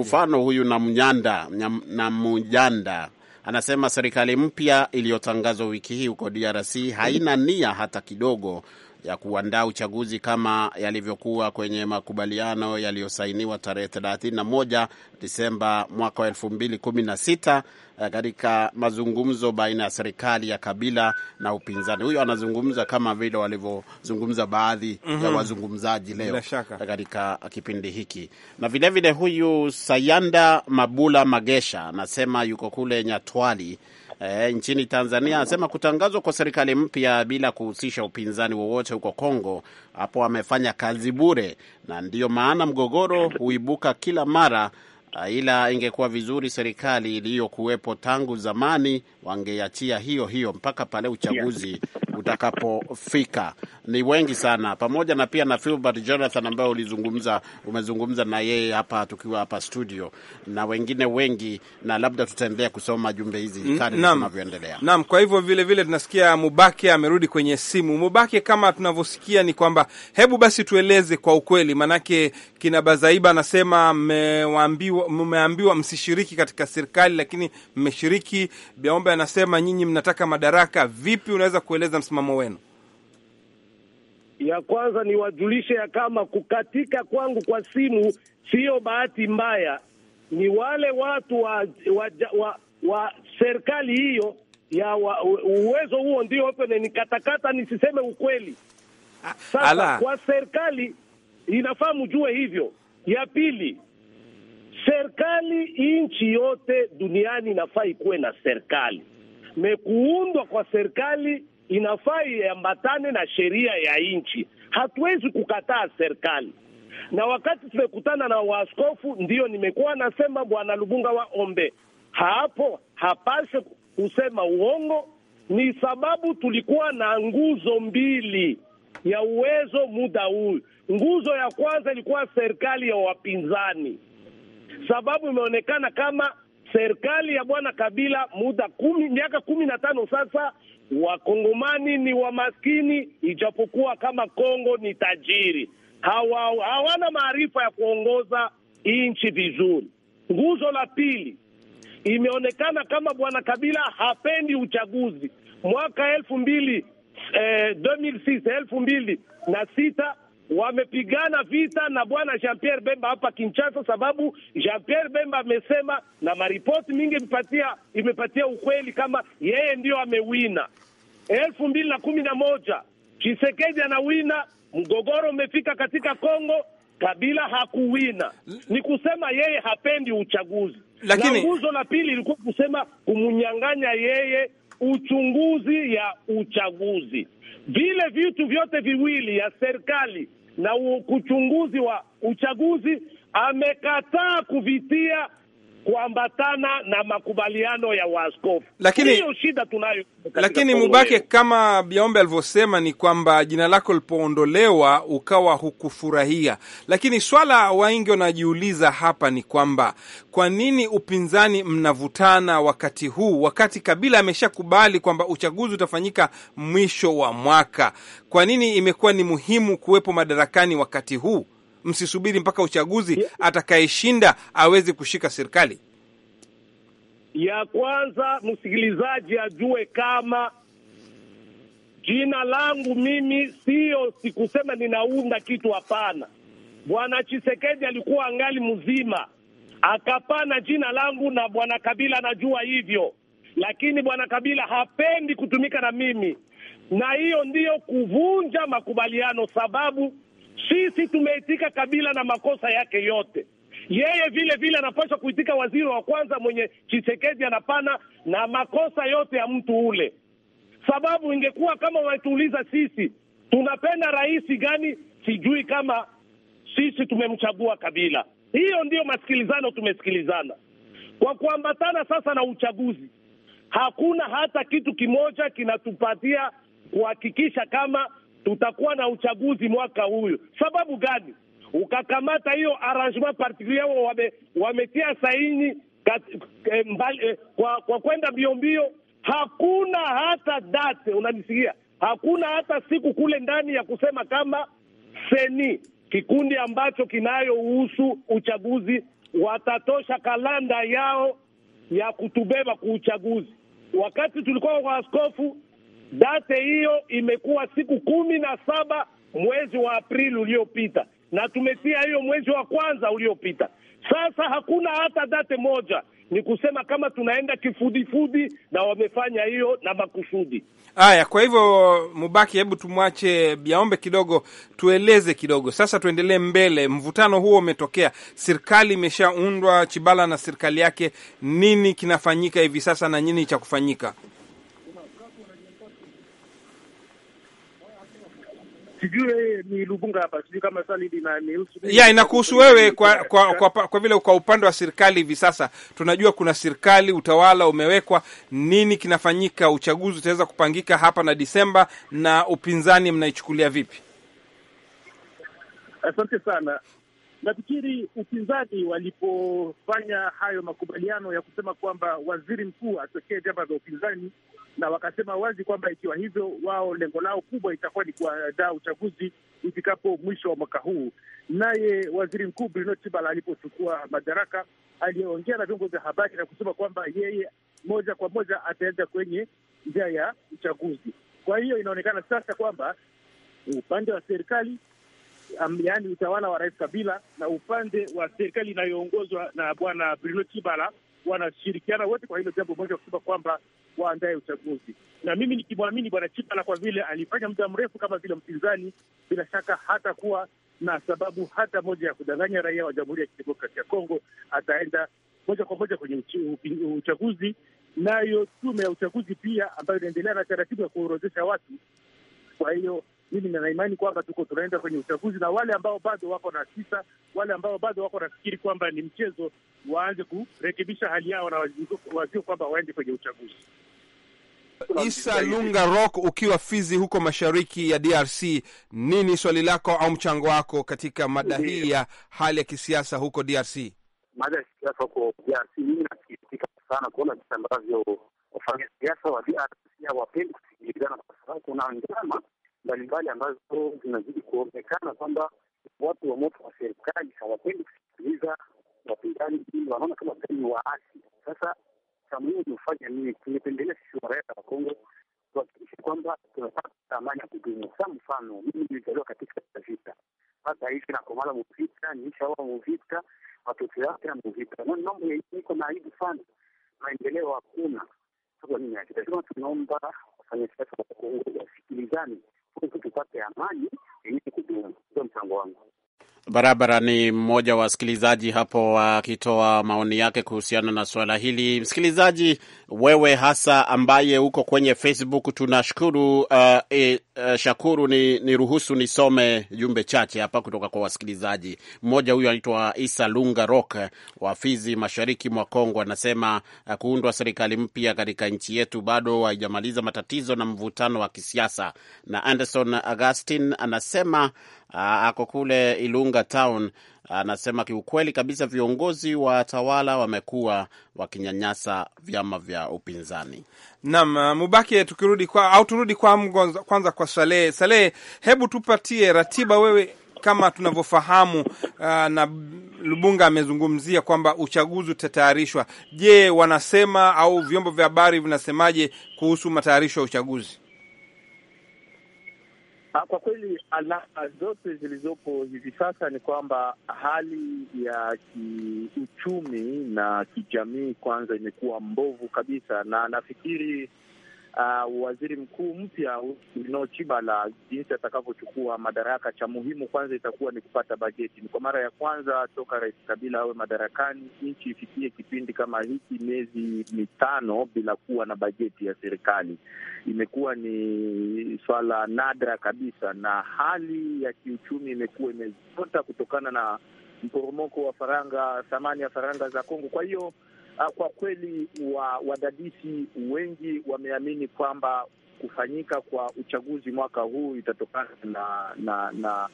[SPEAKER 2] mfano huyu na Mnyanda na Mnyanda Anasema serikali mpya iliyotangazwa wiki hii huko DRC haina nia hata kidogo ya kuandaa uchaguzi kama yalivyokuwa kwenye makubaliano yaliyosainiwa tarehe 31 Disemba mwaka wa sita eh, katika mazungumzo baina ya serikali ya Kabila na upinzani. Huyo anazungumza kama vile walivyozungumza baadhi mm -hmm. ya mhm. wazungumzaji leo eh, katika kipindi hiki, na vilevile huyu Sayanda Mabula Magesha anasema yuko kule Nyatwali e, nchini Tanzania anasema kutangazwa kwa serikali mpya bila kuhusisha upinzani wowote huko Kongo, hapo amefanya kazi bure, na ndiyo maana mgogoro huibuka kila mara. Ila ingekuwa vizuri serikali iliyokuwepo tangu zamani wangeachia hiyo hiyo mpaka pale uchaguzi utakapofika. Ni wengi sana, pamoja na pia na Philbert Jonathan ambaye ulizungumza, umezungumza na yeye hapa tukiwa hapa studio na wengine wengi, na labda tutaendelea kusoma jumbe hizi mm, kadri tunavyoendelea. Naam,
[SPEAKER 1] kwa hivyo vile vile tunasikia Mubake amerudi kwenye simu. Mubake, kama tunavyosikia ni kwamba, hebu basi tueleze kwa ukweli, manake kina Bazaiba anasema mmeambiwa msishiriki katika serikali, lakini mmeshiriki. Biaombe anasema nyinyi mnataka madaraka, vipi? Unaweza kueleza msimamo msimamo wenu?
[SPEAKER 6] Ya kwanza niwajulishe ya kama kukatika kwangu kwa simu sio bahati mbaya, ni wale watu wa, wa, wa, wa serikali hiyo ya wa, uwezo huo ndio open nikatakata nisiseme ukweli. Sasa Ala. Kwa serikali inafaa mjue hivyo. Ya pili, serikali nchi yote duniani inafaa ikuwe na serikali mekuundwa kwa serikali inafaa iambatane na sheria ya nchi. Hatuwezi kukataa serikali. Na wakati tumekutana na waaskofu, ndiyo nimekuwa nasema Bwana Lubunga wa ombe hapo hapashe kusema uongo. Ni sababu tulikuwa na nguzo mbili ya uwezo muda huu. Nguzo ya kwanza ilikuwa serikali ya wapinzani, sababu imeonekana kama serikali ya bwana Kabila muda kumi, miaka kumi na tano sasa, wakongomani ni wamaskini, ijapokuwa kama Kongo ni tajiri. Hawa hawana maarifa ya kuongoza nchi vizuri. Nguzo la pili, imeonekana kama bwana Kabila hapendi uchaguzi. Mwaka elfu mbili eh, elfu mbili na sita wamepigana vita na bwana Jean Pierre Bemba hapa Kinshasa, sababu Jean Pierre Bemba amesema na maripoti mingi imepatia imepatia ukweli kama yeye ndiyo amewina elfu mbili na kumi na moja Chisekedi anawina, mgogoro umefika katika Kongo, Kabila hakuwina. Ni kusema yeye hapendi uchaguzi, lakini na nguzo la pili ilikuwa kusema kumnyang'anya yeye uchunguzi ya uchaguzi. Vile vitu vyote viwili ya serikali na kuchunguzi wa uchaguzi amekataa kuvitia kuambatana na makubaliano ya waaskofu. Lakini hiyo shida tunayo,
[SPEAKER 1] lakini Mubake, kama Biaombe alivyosema ni kwamba jina lako lipoondolewa ukawa hukufurahia, lakini swala wengi wanajiuliza hapa ni kwamba kwa nini upinzani mnavutana wakati huu, wakati Kabila ameshakubali kwamba uchaguzi utafanyika mwisho wa mwaka? Kwa nini imekuwa ni muhimu kuwepo madarakani wakati huu? msisubiri mpaka uchaguzi atakayeshinda aweze kushika serikali?
[SPEAKER 6] Ya kwanza msikilizaji ajue kama jina langu mimi siyo sikusema ninaunda kitu, hapana. Bwana Chisekedi alikuwa angali mzima akapana jina langu, na bwana Kabila anajua hivyo, lakini bwana Kabila hapendi kutumika na mimi, na hiyo ndiyo kuvunja makubaliano, sababu sisi tumeitika Kabila na makosa yake yote. Yeye vile vile anapaswa kuitika waziri wa kwanza mwenye Chisekedi anapana na makosa yote ya mtu ule, sababu ingekuwa kama wametuuliza sisi tunapenda rais gani, sijui kama sisi tumemchagua Kabila. Hiyo ndiyo masikilizano tumesikilizana kwa kuambatana sasa na uchaguzi. Hakuna hata kitu kimoja kinatupatia kuhakikisha kama tutakuwa na uchaguzi mwaka huyo. Sababu gani? Ukakamata hiyo arrangement particulier wame, wametia saini kat, e, mbali, e, kwa kwa kwenda mbio mbio, hakuna hata date, unanisikia? Hakuna hata siku kule ndani ya kusema kama seni kikundi ambacho kinayohusu uchaguzi watatosha kalanda yao ya kutubeba uchaguzi Wakati tulikuwa kwa askofu Date hiyo imekuwa siku kumi na saba mwezi wa Aprili uliopita, na tumetia hiyo mwezi wa kwanza uliopita. Sasa hakuna hata date moja, ni kusema kama tunaenda kifudifudi, na wamefanya hiyo na
[SPEAKER 1] makusudi haya. Kwa hivyo, Mubaki, hebu tumwache Biaombe kidogo, tueleze kidogo sasa, tuendelee mbele. Mvutano huo umetokea, serikali imeshaundwa, Chibala na serikali yake, nini kinafanyika hivi sasa na nini cha kufanyika?
[SPEAKER 4] sijui ni Lubunga hapa, sijui kama swali linanihusu ya inakuhusu wewe kwa kwa,
[SPEAKER 1] kwa kwa vile kwa upande wa serikali hivi sasa tunajua kuna serikali, utawala umewekwa, nini kinafanyika? Uchaguzi utaweza kupangika hapa na Disemba, na upinzani mnaichukulia vipi?
[SPEAKER 4] Asante sana. Nafikiri upinzani walipofanya hayo makubaliano ya kusema kwamba waziri mkuu atokee vyama vya upinzani, na wakasema wazi kwamba ikiwa hivyo, wao lengo lao kubwa itakuwa ni kuandaa uchaguzi ifikapo mwisho wa mwaka huu. Naye waziri mkuu Bruno Tibala alipochukua madaraka, aliyeongea na vyombo vya habari na kusema kwamba yeye moja kwa moja ataenda kwenye njia ya uchaguzi. Kwa hiyo inaonekana sasa kwamba upande wa serikali yaani utawala wa Rais Kabila na upande wa serikali inayoongozwa na Bwana Bruno Kibala wanashirikiana wote kwa hilo jambo moja, kusema kwamba waandaye uchaguzi. Na mimi nikimwamini Bwana chibala kwa vile alifanya muda mrefu kama vile mpinzani, bila shaka hata kuwa na sababu hata moja ya kudanganya raia wa Jamhuri ya Kidemokrasia ya Kongo. Ataenda moja kwa moja kwenye uchaguzi. Nayo tume ya uchaguzi pia ambayo inaendelea na taratibu ya kuorodhesha watu, kwa hiyo mimi nina imani kwamba tuko tunaenda kwenye uchaguzi, na wale ambao bado wako na sisa, wale ambao bado wako nafikiri kwamba ni mchezo, waanze kurekebisha hali yao na wajue kwamba waende kwenye uchaguzi.
[SPEAKER 1] Isa Lunga Rock, ukiwa Fizi huko mashariki ya DRC, nini swali lako au mchango wako katika mada hii ya hali ya kisiasa huko DRC?
[SPEAKER 4] Mada ya kisiasa huko DRC, mimi nasikitika sana kuona visa ambavyo wafanya siasa wa DRC hawapendi kusikilizana kwa sababu kuna njama mbalimbali ambazo zinazidi kuonekana kwamba watu wa moto wa serikali hawapendi kusikiliza wapinzani, wanaona kama ni waasi. Sasa Samui tumefanya nini? Tumependelea sisi wa raia wa Kongo tuhakikishe kwamba tunapata amani ya kudumu. Sa mfano, mimi nilizaliwa katika vita,
[SPEAKER 7] hata hivi nakomala muvita, niishaoa muvita, watoto yake na muvita, nani mambo ya na aibu sana, maendeleo hakuna. Sasa nini, lazima tunaomba
[SPEAKER 4] wafanyasiasa wa Kongo wasikilizane ili tupate amani yenye kudumu. Ndio mchango wangu.
[SPEAKER 2] Barabara ni mmoja wa wasikilizaji hapo akitoa uh, maoni yake kuhusiana na suala hili. Msikilizaji wewe hasa ambaye uko kwenye Facebook, tunashukuru uh, e, uh, shakuru ni, ni ruhusu nisome jumbe chache hapa kutoka kwa wasikilizaji. Mmoja huyo anaitwa Isa Lunga Rock wa Fizi, mashariki mwa Kongo, anasema uh, kuundwa serikali mpya katika nchi yetu bado haijamaliza matatizo na mvutano wa kisiasa. Na Anderson Agustin anasema Ah, ako kule Ilunga Town anasema kiukweli kabisa viongozi wa tawala wamekuwa wakinyanyasa vyama vya upinzani. Naam, ah, Mubake,
[SPEAKER 1] tukirudi kwa au turudi kwa kwanza kwa Salehe. Salehe, hebu tupatie ratiba wewe kama tunavyofahamu ah, na Lubunga amezungumzia kwamba uchaguzi utatayarishwa. Je, wanasema au vyombo vya habari vinasemaje kuhusu matayarisho ya uchaguzi?
[SPEAKER 4] Ah, kwa kweli alama zote zilizopo hivi sasa ni kwamba hali ya kiuchumi na kijamii kwanza imekuwa mbovu kabisa, na nafikiri uh, waziri mkuu mpya Winod Chibala jinsi atakavyochukua madaraka, cha muhimu kwanza itakuwa ni kupata bajeti. Ni kwa mara ya kwanza toka Rais Kabila awe madarakani nchi ifikie kipindi kama hiki, miezi mitano bila kuwa na bajeti ya serikali. Imekuwa ni swala nadra kabisa, na hali ya kiuchumi imekuwa imezota kutokana na mporomoko wa faranga, thamani ya faranga za Kongo. Kwa hiyo Ah, kwa kweli wadadisi wengi wameamini kwamba kufanyika kwa uchaguzi mwaka huu itatokana na na na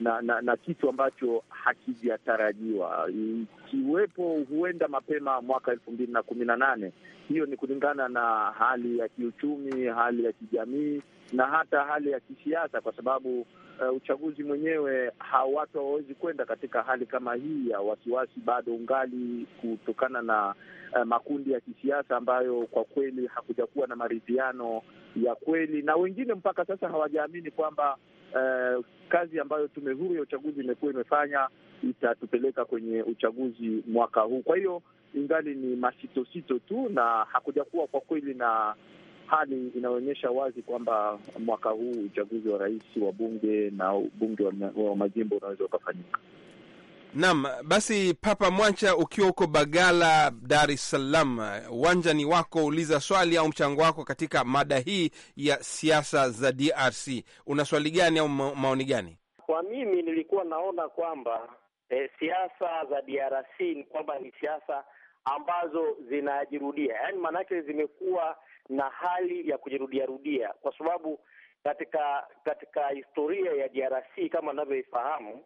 [SPEAKER 4] na, na, na kitu ambacho hakijatarajiwa ikiwepo huenda mapema mwaka elfu mbili na kumi na nane. Hiyo ni kulingana na hali ya kiuchumi, hali ya kijamii na hata hali ya kisiasa, kwa sababu uh, uchaguzi mwenyewe hawa watu hawawezi kwenda katika hali kama hii ya wasiwasi bado ungali kutokana na uh, makundi ya kisiasa ambayo kwa kweli hakujakuwa na maridhiano ya kweli, na wengine mpaka sasa hawajaamini kwamba uh, kazi ambayo tume huru ya uchaguzi imekuwa imefanya itatupeleka kwenye uchaguzi mwaka huu. Kwa hiyo ingali ni masitosito tu na hakujakuwa kwa kweli na hali inaonyesha wazi kwamba mwaka huu uchaguzi wa rais wa bunge na ubunge wa, wa majimbo unaweza ukafanyika.
[SPEAKER 1] Naam, basi Papa mwacha ukiwa huko Bagala, Dar es Salaam, uwanja ni wako. Uliza swali au mchango wako katika mada hii ya siasa za DRC. Una swali gani au maoni gani?
[SPEAKER 7] Kwa mimi nilikuwa naona kwamba e, siasa za DRC ni kwamba ni siasa ambazo zinajirudia, yaani maanake zimekuwa na hali ya kujirudiarudia, kwa sababu katika katika historia ya DRC kama ninavyoifahamu,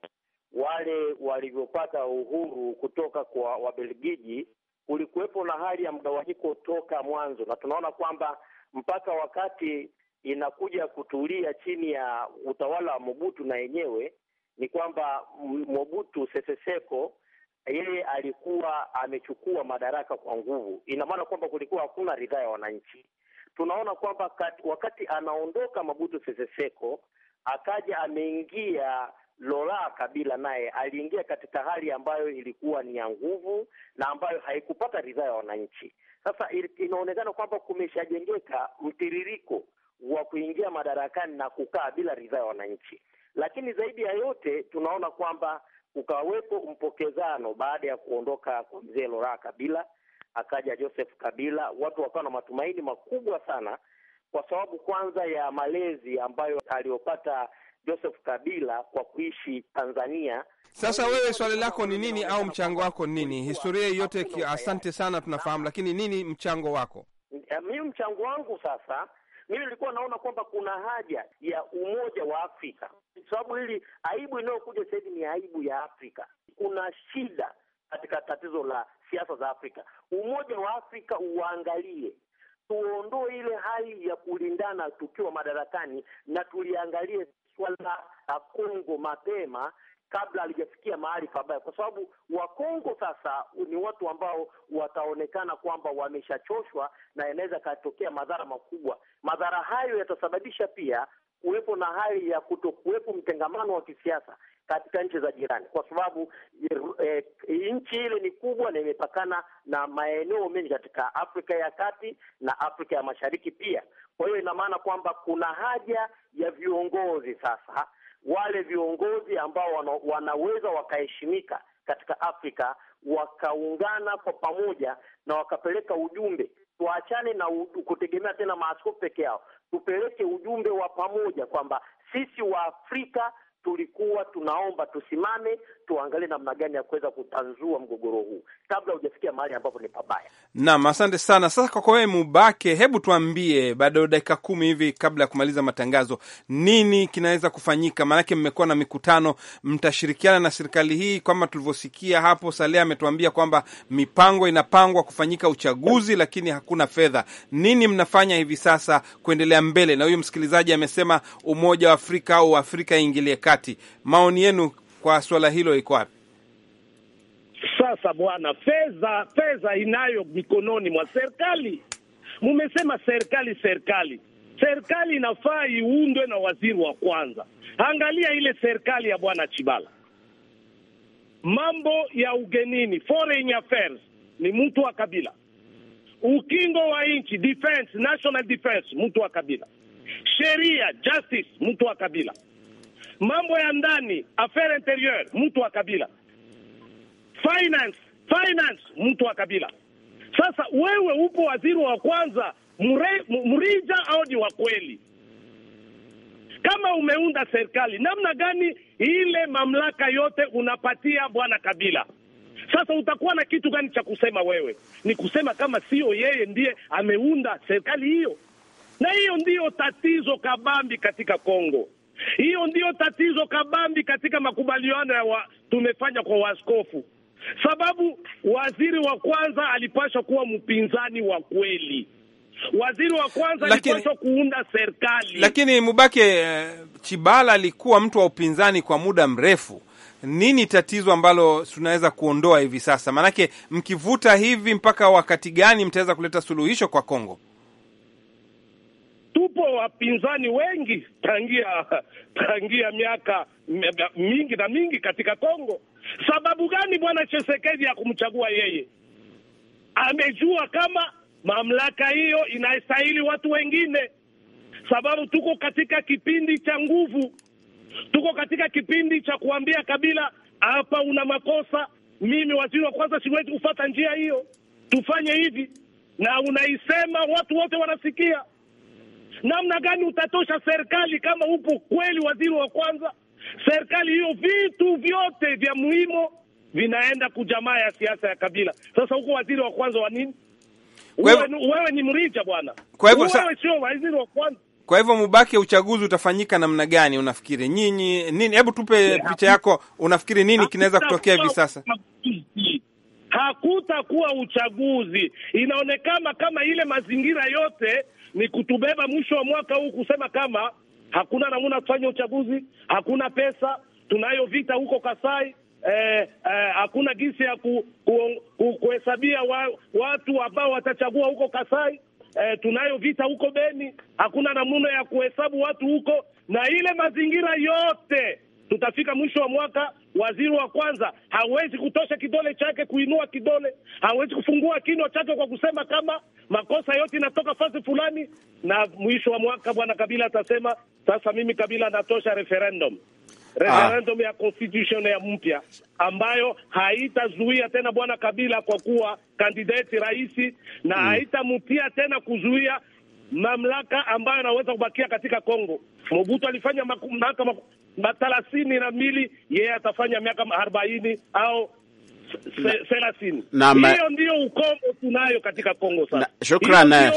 [SPEAKER 7] wale walivyopata uhuru kutoka kwa Wabelgiji, kulikuwepo na hali ya mgawanyiko toka mwanzo, na tunaona kwamba mpaka wakati inakuja kutulia chini ya utawala wa Mobutu na yenyewe ni kwamba Mobutu Sese Seko yeye alikuwa amechukua madaraka kwa nguvu. Ina maana kwamba kulikuwa hakuna ridhaa ya wananchi. Tunaona kwamba wakati anaondoka Mabutu Sese Seko akaja ameingia Lola Kabila, naye aliingia katika hali ambayo ilikuwa ni ya nguvu na ambayo haikupata ridhaa ya wananchi. Sasa inaonekana kwamba kumeshajengeka mtiririko wa kuingia madarakani na kukaa bila ridhaa ya wananchi, lakini zaidi ya yote tunaona kwamba ukawepo mpokezano baada ya kuondoka kwa mzee Laurent Kabila, akaja Joseph Kabila, watu wakawa na matumaini makubwa sana, kwa sababu kwanza ya malezi ambayo aliyopata Joseph Kabila kwa kuishi Tanzania.
[SPEAKER 1] Sasa wewe swali lako ni nini, au mchango wako ni nini? Historia yote, asante sana, tunafahamu, lakini nini mchango wako?
[SPEAKER 7] Mimi eh, mchango wangu sasa mimi nilikuwa naona kwamba kuna haja ya umoja wa Afrika, sababu hili aibu inayokuja sasa hivi ni aibu ya Afrika. Kuna shida katika tatizo la siasa za Afrika. Umoja wa Afrika uangalie tuondoe ile hali ya kulindana tukiwa madarakani na tuliangalie swala la Kongo mapema kabla alijafikia mahali pabaya, kwa sababu Wakongo sasa ni watu ambao wataonekana kwamba wameshachoshwa na inaweza katokea madhara makubwa. Madhara hayo yatasababisha pia kuwepo na hali ya kutokuwepo mtengamano wa kisiasa katika nchi za jirani, kwa sababu e, nchi ile ni kubwa na imepakana na maeneo mengi katika Afrika ya Kati na Afrika ya Mashariki pia. Kwa hiyo ina maana kwamba kuna haja ya viongozi sasa wale viongozi ambao wana, wanaweza wakaheshimika katika Afrika wakaungana kwa pamoja na wakapeleka ujumbe. Tuachane na kutegemea tena maaskofu peke yao, tupeleke ujumbe wa pamoja kwamba sisi wa afrika tulikuwa tunaomba tusimame tuangalie namna gani ya kuweza kutanzua mgogoro huu kabla hujafikia mahali ambapo ni pabaya.
[SPEAKER 1] Naam, asante sana. Sasa kwa wewe Mubake, hebu tuambie, bado dakika kumi hivi kabla ya kumaliza matangazo, nini kinaweza kufanyika? Maanake mmekuwa na mikutano, mtashirikiana na serikali hii, kama tulivyosikia hapo. Salea ametuambia kwamba mipango inapangwa kufanyika uchaguzi, lakini hakuna fedha. Nini mnafanya hivi sasa kuendelea mbele? Na huyu msikilizaji amesema Umoja wa Afrika au Afrika ingilie kati kati. Maoni yenu kwa suala hilo iko wapi?
[SPEAKER 6] Sasa bwana, fedha fedha inayo mikononi mwa serikali. Mumesema serikali serikali serikali inafaa iundwe na waziri wa kwanza. Angalia ile serikali ya bwana Chibala, mambo ya ugenini, foreign affairs ni mtu wa Kabila, ukingo wa nchi, defense, national defense, mtu wa Kabila, sheria, justice, mtu wa Kabila, mambo ya ndani, affaire interieur, mtu wa kabila, finance finance, mtu wa kabila. Sasa wewe upo waziri wa kwanza mure, mrija au ni wa kweli? Kama umeunda serikali, namna gani ile mamlaka yote unapatia bwana Kabila? Sasa utakuwa na kitu gani cha kusema wewe? Ni kusema kama sio yeye ndiye ameunda serikali hiyo, na hiyo ndiyo tatizo kabambi katika Kongo. Hiyo ndiyo tatizo kabambi katika makubaliano ya wa, tumefanya kwa waskofu, sababu waziri wa kwanza
[SPEAKER 1] alipaswa kuwa mpinzani wa kweli waziri wa kwanza alipaswa kuunda serikali, lakini Mubake eh, Chibala alikuwa mtu wa upinzani kwa muda mrefu. Nini tatizo ambalo tunaweza kuondoa hivi sasa? Maanake mkivuta hivi mpaka wakati gani mtaweza kuleta suluhisho kwa Kongo?
[SPEAKER 6] tupo wapinzani wengi tangia tangia miaka mingi na mingi katika Kongo. Sababu gani bwana Chesekedi ya kumchagua yeye? Amejua kama mamlaka hiyo inastahili watu wengine, sababu tuko katika kipindi cha nguvu, tuko katika kipindi cha kuambia Kabila, hapa una makosa, mimi waziri wa kwanza, siwezi kufata njia hiyo, tufanye hivi, na unaisema watu wote wanasikia namna gani utatosha serikali kama upo kweli waziri wa kwanza serikali hiyo? Vitu vyote vya muhimu vinaenda kujamaa ya siasa ya kabila. Sasa huko waziri wa kwanza wa nini? Wewe, wewe ni mrija bwana. Kwa hivyo wewe sio waziri wa kwanza.
[SPEAKER 1] Kwa hivyo mubaki, uchaguzi utafanyika namna gani unafikiri? Nyinyi nini, hebu tupe eh, picha yako, unafikiri nini kinaweza kutokea hivi sasa?
[SPEAKER 6] Hakutakuwa uchaguzi, inaonekana kama ile mazingira yote ni kutubeba mwisho wa mwaka huu kusema kama hakuna namna kufanya uchaguzi, hakuna pesa, tunayo vita huko Kasai. Eh, eh, hakuna gisi ya ku, ku, ku, kuhesabia wa, watu ambao watachagua huko Kasai. Eh, tunayo vita huko Beni, hakuna namuna ya kuhesabu watu huko, na ile mazingira yote tutafika mwisho wa mwaka, waziri wa kwanza hawezi kutosha kidole chake kuinua kidole, hawezi kufungua kinywa chake kwa kusema kama makosa yote inatoka fasi fulani. Na mwisho wa mwaka bwana Kabila atasema sasa, mimi Kabila natosha referendum ah. referendum ah, ya constitution ya mpya ambayo haitazuia tena bwana Kabila kwa kuwa kandidati rais na mm, haitamtia tena kuzuia mamlaka ambayo anaweza kubakia katika Kongo. Mobutu alifanya miaka thelathini na mbili, yeye atafanya miaka arobaini au thelathini. Hiyo ndiyo ukombo tunayo katika Kongo sasa. Shukran,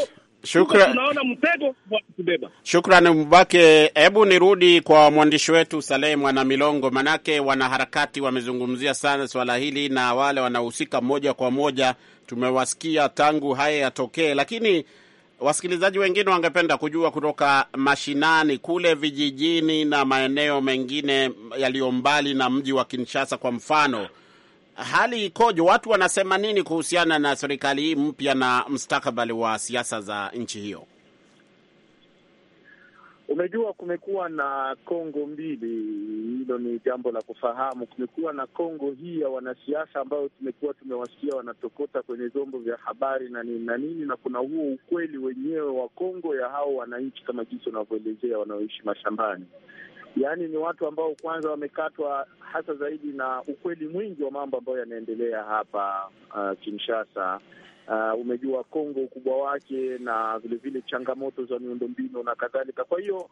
[SPEAKER 2] shukran Mbake. Hebu nirudi kwa mwandishi wetu Salehe Mwana Milongo, manake wanaharakati wamezungumzia sana swala hili na wale wanahusika moja kwa moja tumewasikia tangu haya yatokee, lakini Wasikilizaji wengine wangependa kujua kutoka mashinani kule vijijini na maeneo mengine yaliyo mbali na mji wa Kinshasa kwa mfano, hali ikoje? Watu wanasema nini kuhusiana na serikali hii mpya na mstakabali wa siasa za nchi hiyo?
[SPEAKER 4] Umejua, kumekuwa na Kongo mbili, hilo ni jambo la kufahamu. Kumekuwa na Kongo hii ya wanasiasa ambao tumekuwa tumewasikia wanatokota kwenye vyombo vya habari na nini na nini, na kuna huo ukweli wenyewe wa Kongo ya hao wananchi kama jinsi unavyoelezea, wanaoishi mashambani yaani ni watu ambao kwanza wamekatwa hasa zaidi na ukweli mwingi wa mambo ambayo yanaendelea hapa uh, Kinshasa Uh, umejua Kongo ukubwa wake na vilevile changamoto za miundombinu na kadhalika. Kwa hiyo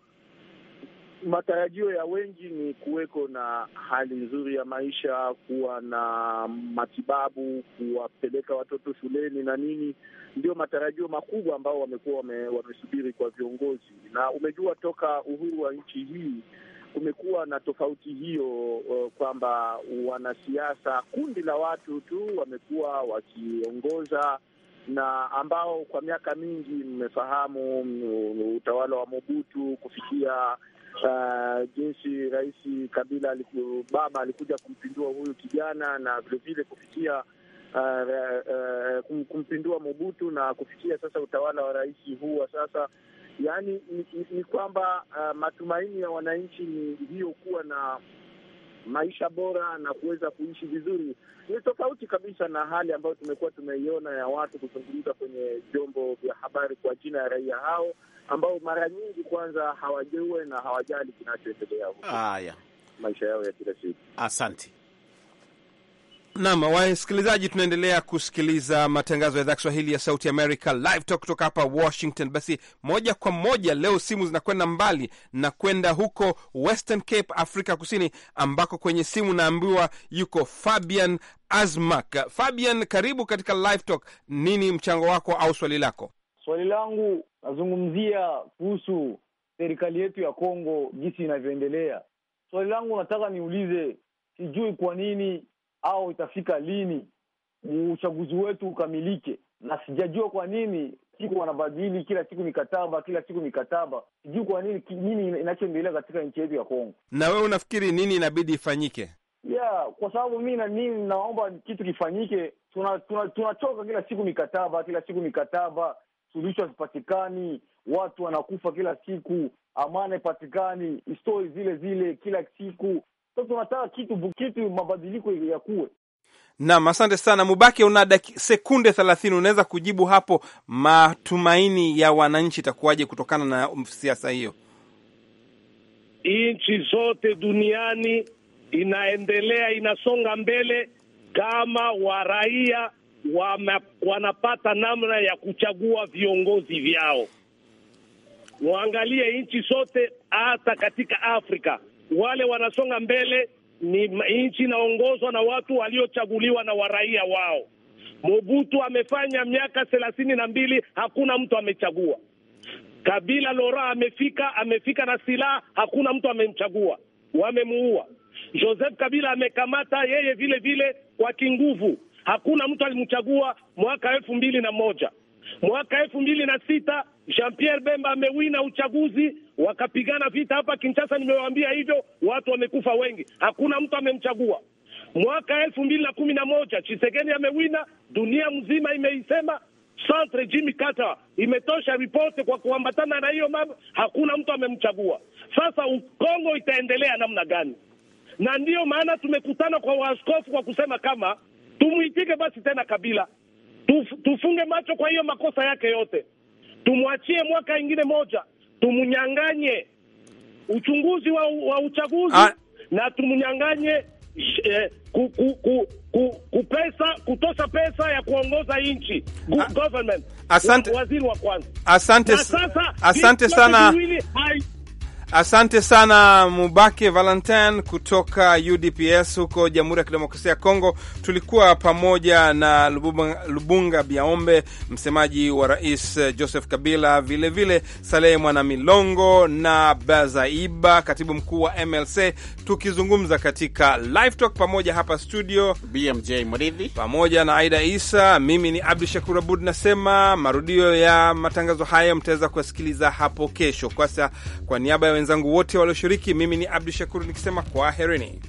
[SPEAKER 4] matarajio ya wengi ni kuweko na hali nzuri ya maisha, kuwa na matibabu, kuwapeleka watoto shuleni na nini, ndio matarajio makubwa ambao wamekuwa wame, wamesubiri kwa viongozi. Na umejua toka uhuru wa nchi hii kumekuwa na tofauti hiyo uh, kwamba wanasiasa, kundi la watu tu wamekuwa wakiongoza na ambao kwa miaka mingi mmefahamu mm, utawala wa Mobutu kufikia uh, jinsi Rais Kabila aliku, baba alikuja kumpindua huyu kijana na vilevile kufikia uh, uh, kumpindua Mobutu na kufikia sasa utawala wa rais huu wa sasa Yaani ni, ni, ni kwamba uh, matumaini ya wananchi ni hiyo kuwa na maisha bora na kuweza kuishi vizuri. Ni tofauti kabisa na hali ambayo tumekuwa tumeiona ya watu kuzungumza kwenye vyombo vya habari kwa jina ya raia hao ambao mara
[SPEAKER 2] nyingi kwanza hawajeue na hawajali kinachoendelea huko, maisha yao ya kila siku. Asante.
[SPEAKER 1] Nam wasikilizaji, tunaendelea kusikiliza matangazo ya idhaa Kiswahili ya sauti Amerika, Live Talk kutoka hapa Washington. Basi moja kwa moja leo simu zinakwenda mbali na kwenda huko Western Cape, Afrika Kusini, ambako kwenye simu naambiwa yuko Fabian Asmak. Fabian, karibu katika Live Talk. Nini mchango wako au swali lako?
[SPEAKER 4] Swali langu nazungumzia kuhusu serikali yetu ya Kongo jinsi inavyoendelea. Swali langu nataka niulize, sijui kwa nini au itafika lini uchaguzi wetu ukamilike, na sijajua kwa nini siku wanabadili kila siku mikataba, kila siku mikataba. Sijui kwa nini, nini inachoendelea katika nchi yetu ya Kongo.
[SPEAKER 1] Na wewe unafikiri nini inabidi ifanyike?
[SPEAKER 4] Yeah, kwa sababu mi na nini, naomba kitu kifanyike. Tunachoka tuna, tuna kila siku mikataba, kila siku mikataba, suluhisho hazipatikani, watu wanakufa kila siku, amani haipatikani, stori zile zile kila siku. Sasa tunataka kitu kitu mabadiliko ya kuwe
[SPEAKER 1] Naam, asante sana Mubake, una sekunde thelathini, unaweza kujibu hapo. Matumaini ya wananchi itakuwaje kutokana na siasa hiyo? Nchi zote duniani
[SPEAKER 6] inaendelea inasonga mbele, kama waraia wanapata namna ya kuchagua viongozi vyao. Waangalie nchi zote, hata katika Afrika wale wanasonga mbele ni nchi inaongozwa na watu waliochaguliwa na waraia wao. Mobutu amefanya miaka thelathini na mbili, hakuna mtu amechagua. Kabila Lora amefika, amefika na silaha, hakuna mtu amemchagua, wamemuua. Joseph Kabila amekamata yeye vile vile kwa kinguvu, hakuna mtu alimchagua mwaka elfu mbili na moja. Mwaka elfu mbili na sita Jean Pierre Bemba amewina uchaguzi wakapigana vita hapa Kinshasa. Nimewaambia hivyo, watu wamekufa wengi, hakuna mtu amemchagua. Mwaka elfu mbili na kumi na moja Chisekedi amewina, dunia mzima imeisema Centre Jimmy Carter imetosha ripoti kwa kuambatana na hiyo mambo, hakuna mtu amemchagua. Sasa Kongo itaendelea namna gani? Na ndiyo maana tumekutana kwa waaskofu kwa kusema kama tumwitike basi tena Kabila, tuf, tufunge macho kwa hiyo makosa yake yote, tumwachie mwaka ingine moja tumnyanganye uchunguzi wa, wa uchaguzi ah, na tumnyanganye eh, ku, ku, ku, ku, ku pesa, kutosha pesa ya kuongoza nchi ah. government. Asante waziri wa kwanza, asante, asante sana.
[SPEAKER 1] Asante sana Mubake Valentin kutoka UDPS huko Jamhuri ya Kidemokrasia ya Kongo. Tulikuwa pamoja na Lubunga, Lubunga Biaombe, msemaji wa Rais Joseph Kabila, vilevile Salehe milongo na Bazaiba, katibu mkuu wa MLC, tukizungumza katika Live Talk pamoja hapa studio, BMJ Mridhi pamoja na Aida Isa. Mimi ni Abdu Shakur Abud nasema marudio ya matangazo haya mtaweza kuyasikiliza hapo kesho. Kwasa kwa niaba ya wenzangu wote walioshiriki. Mimi ni Abdu Shakur nikisema kwaherini.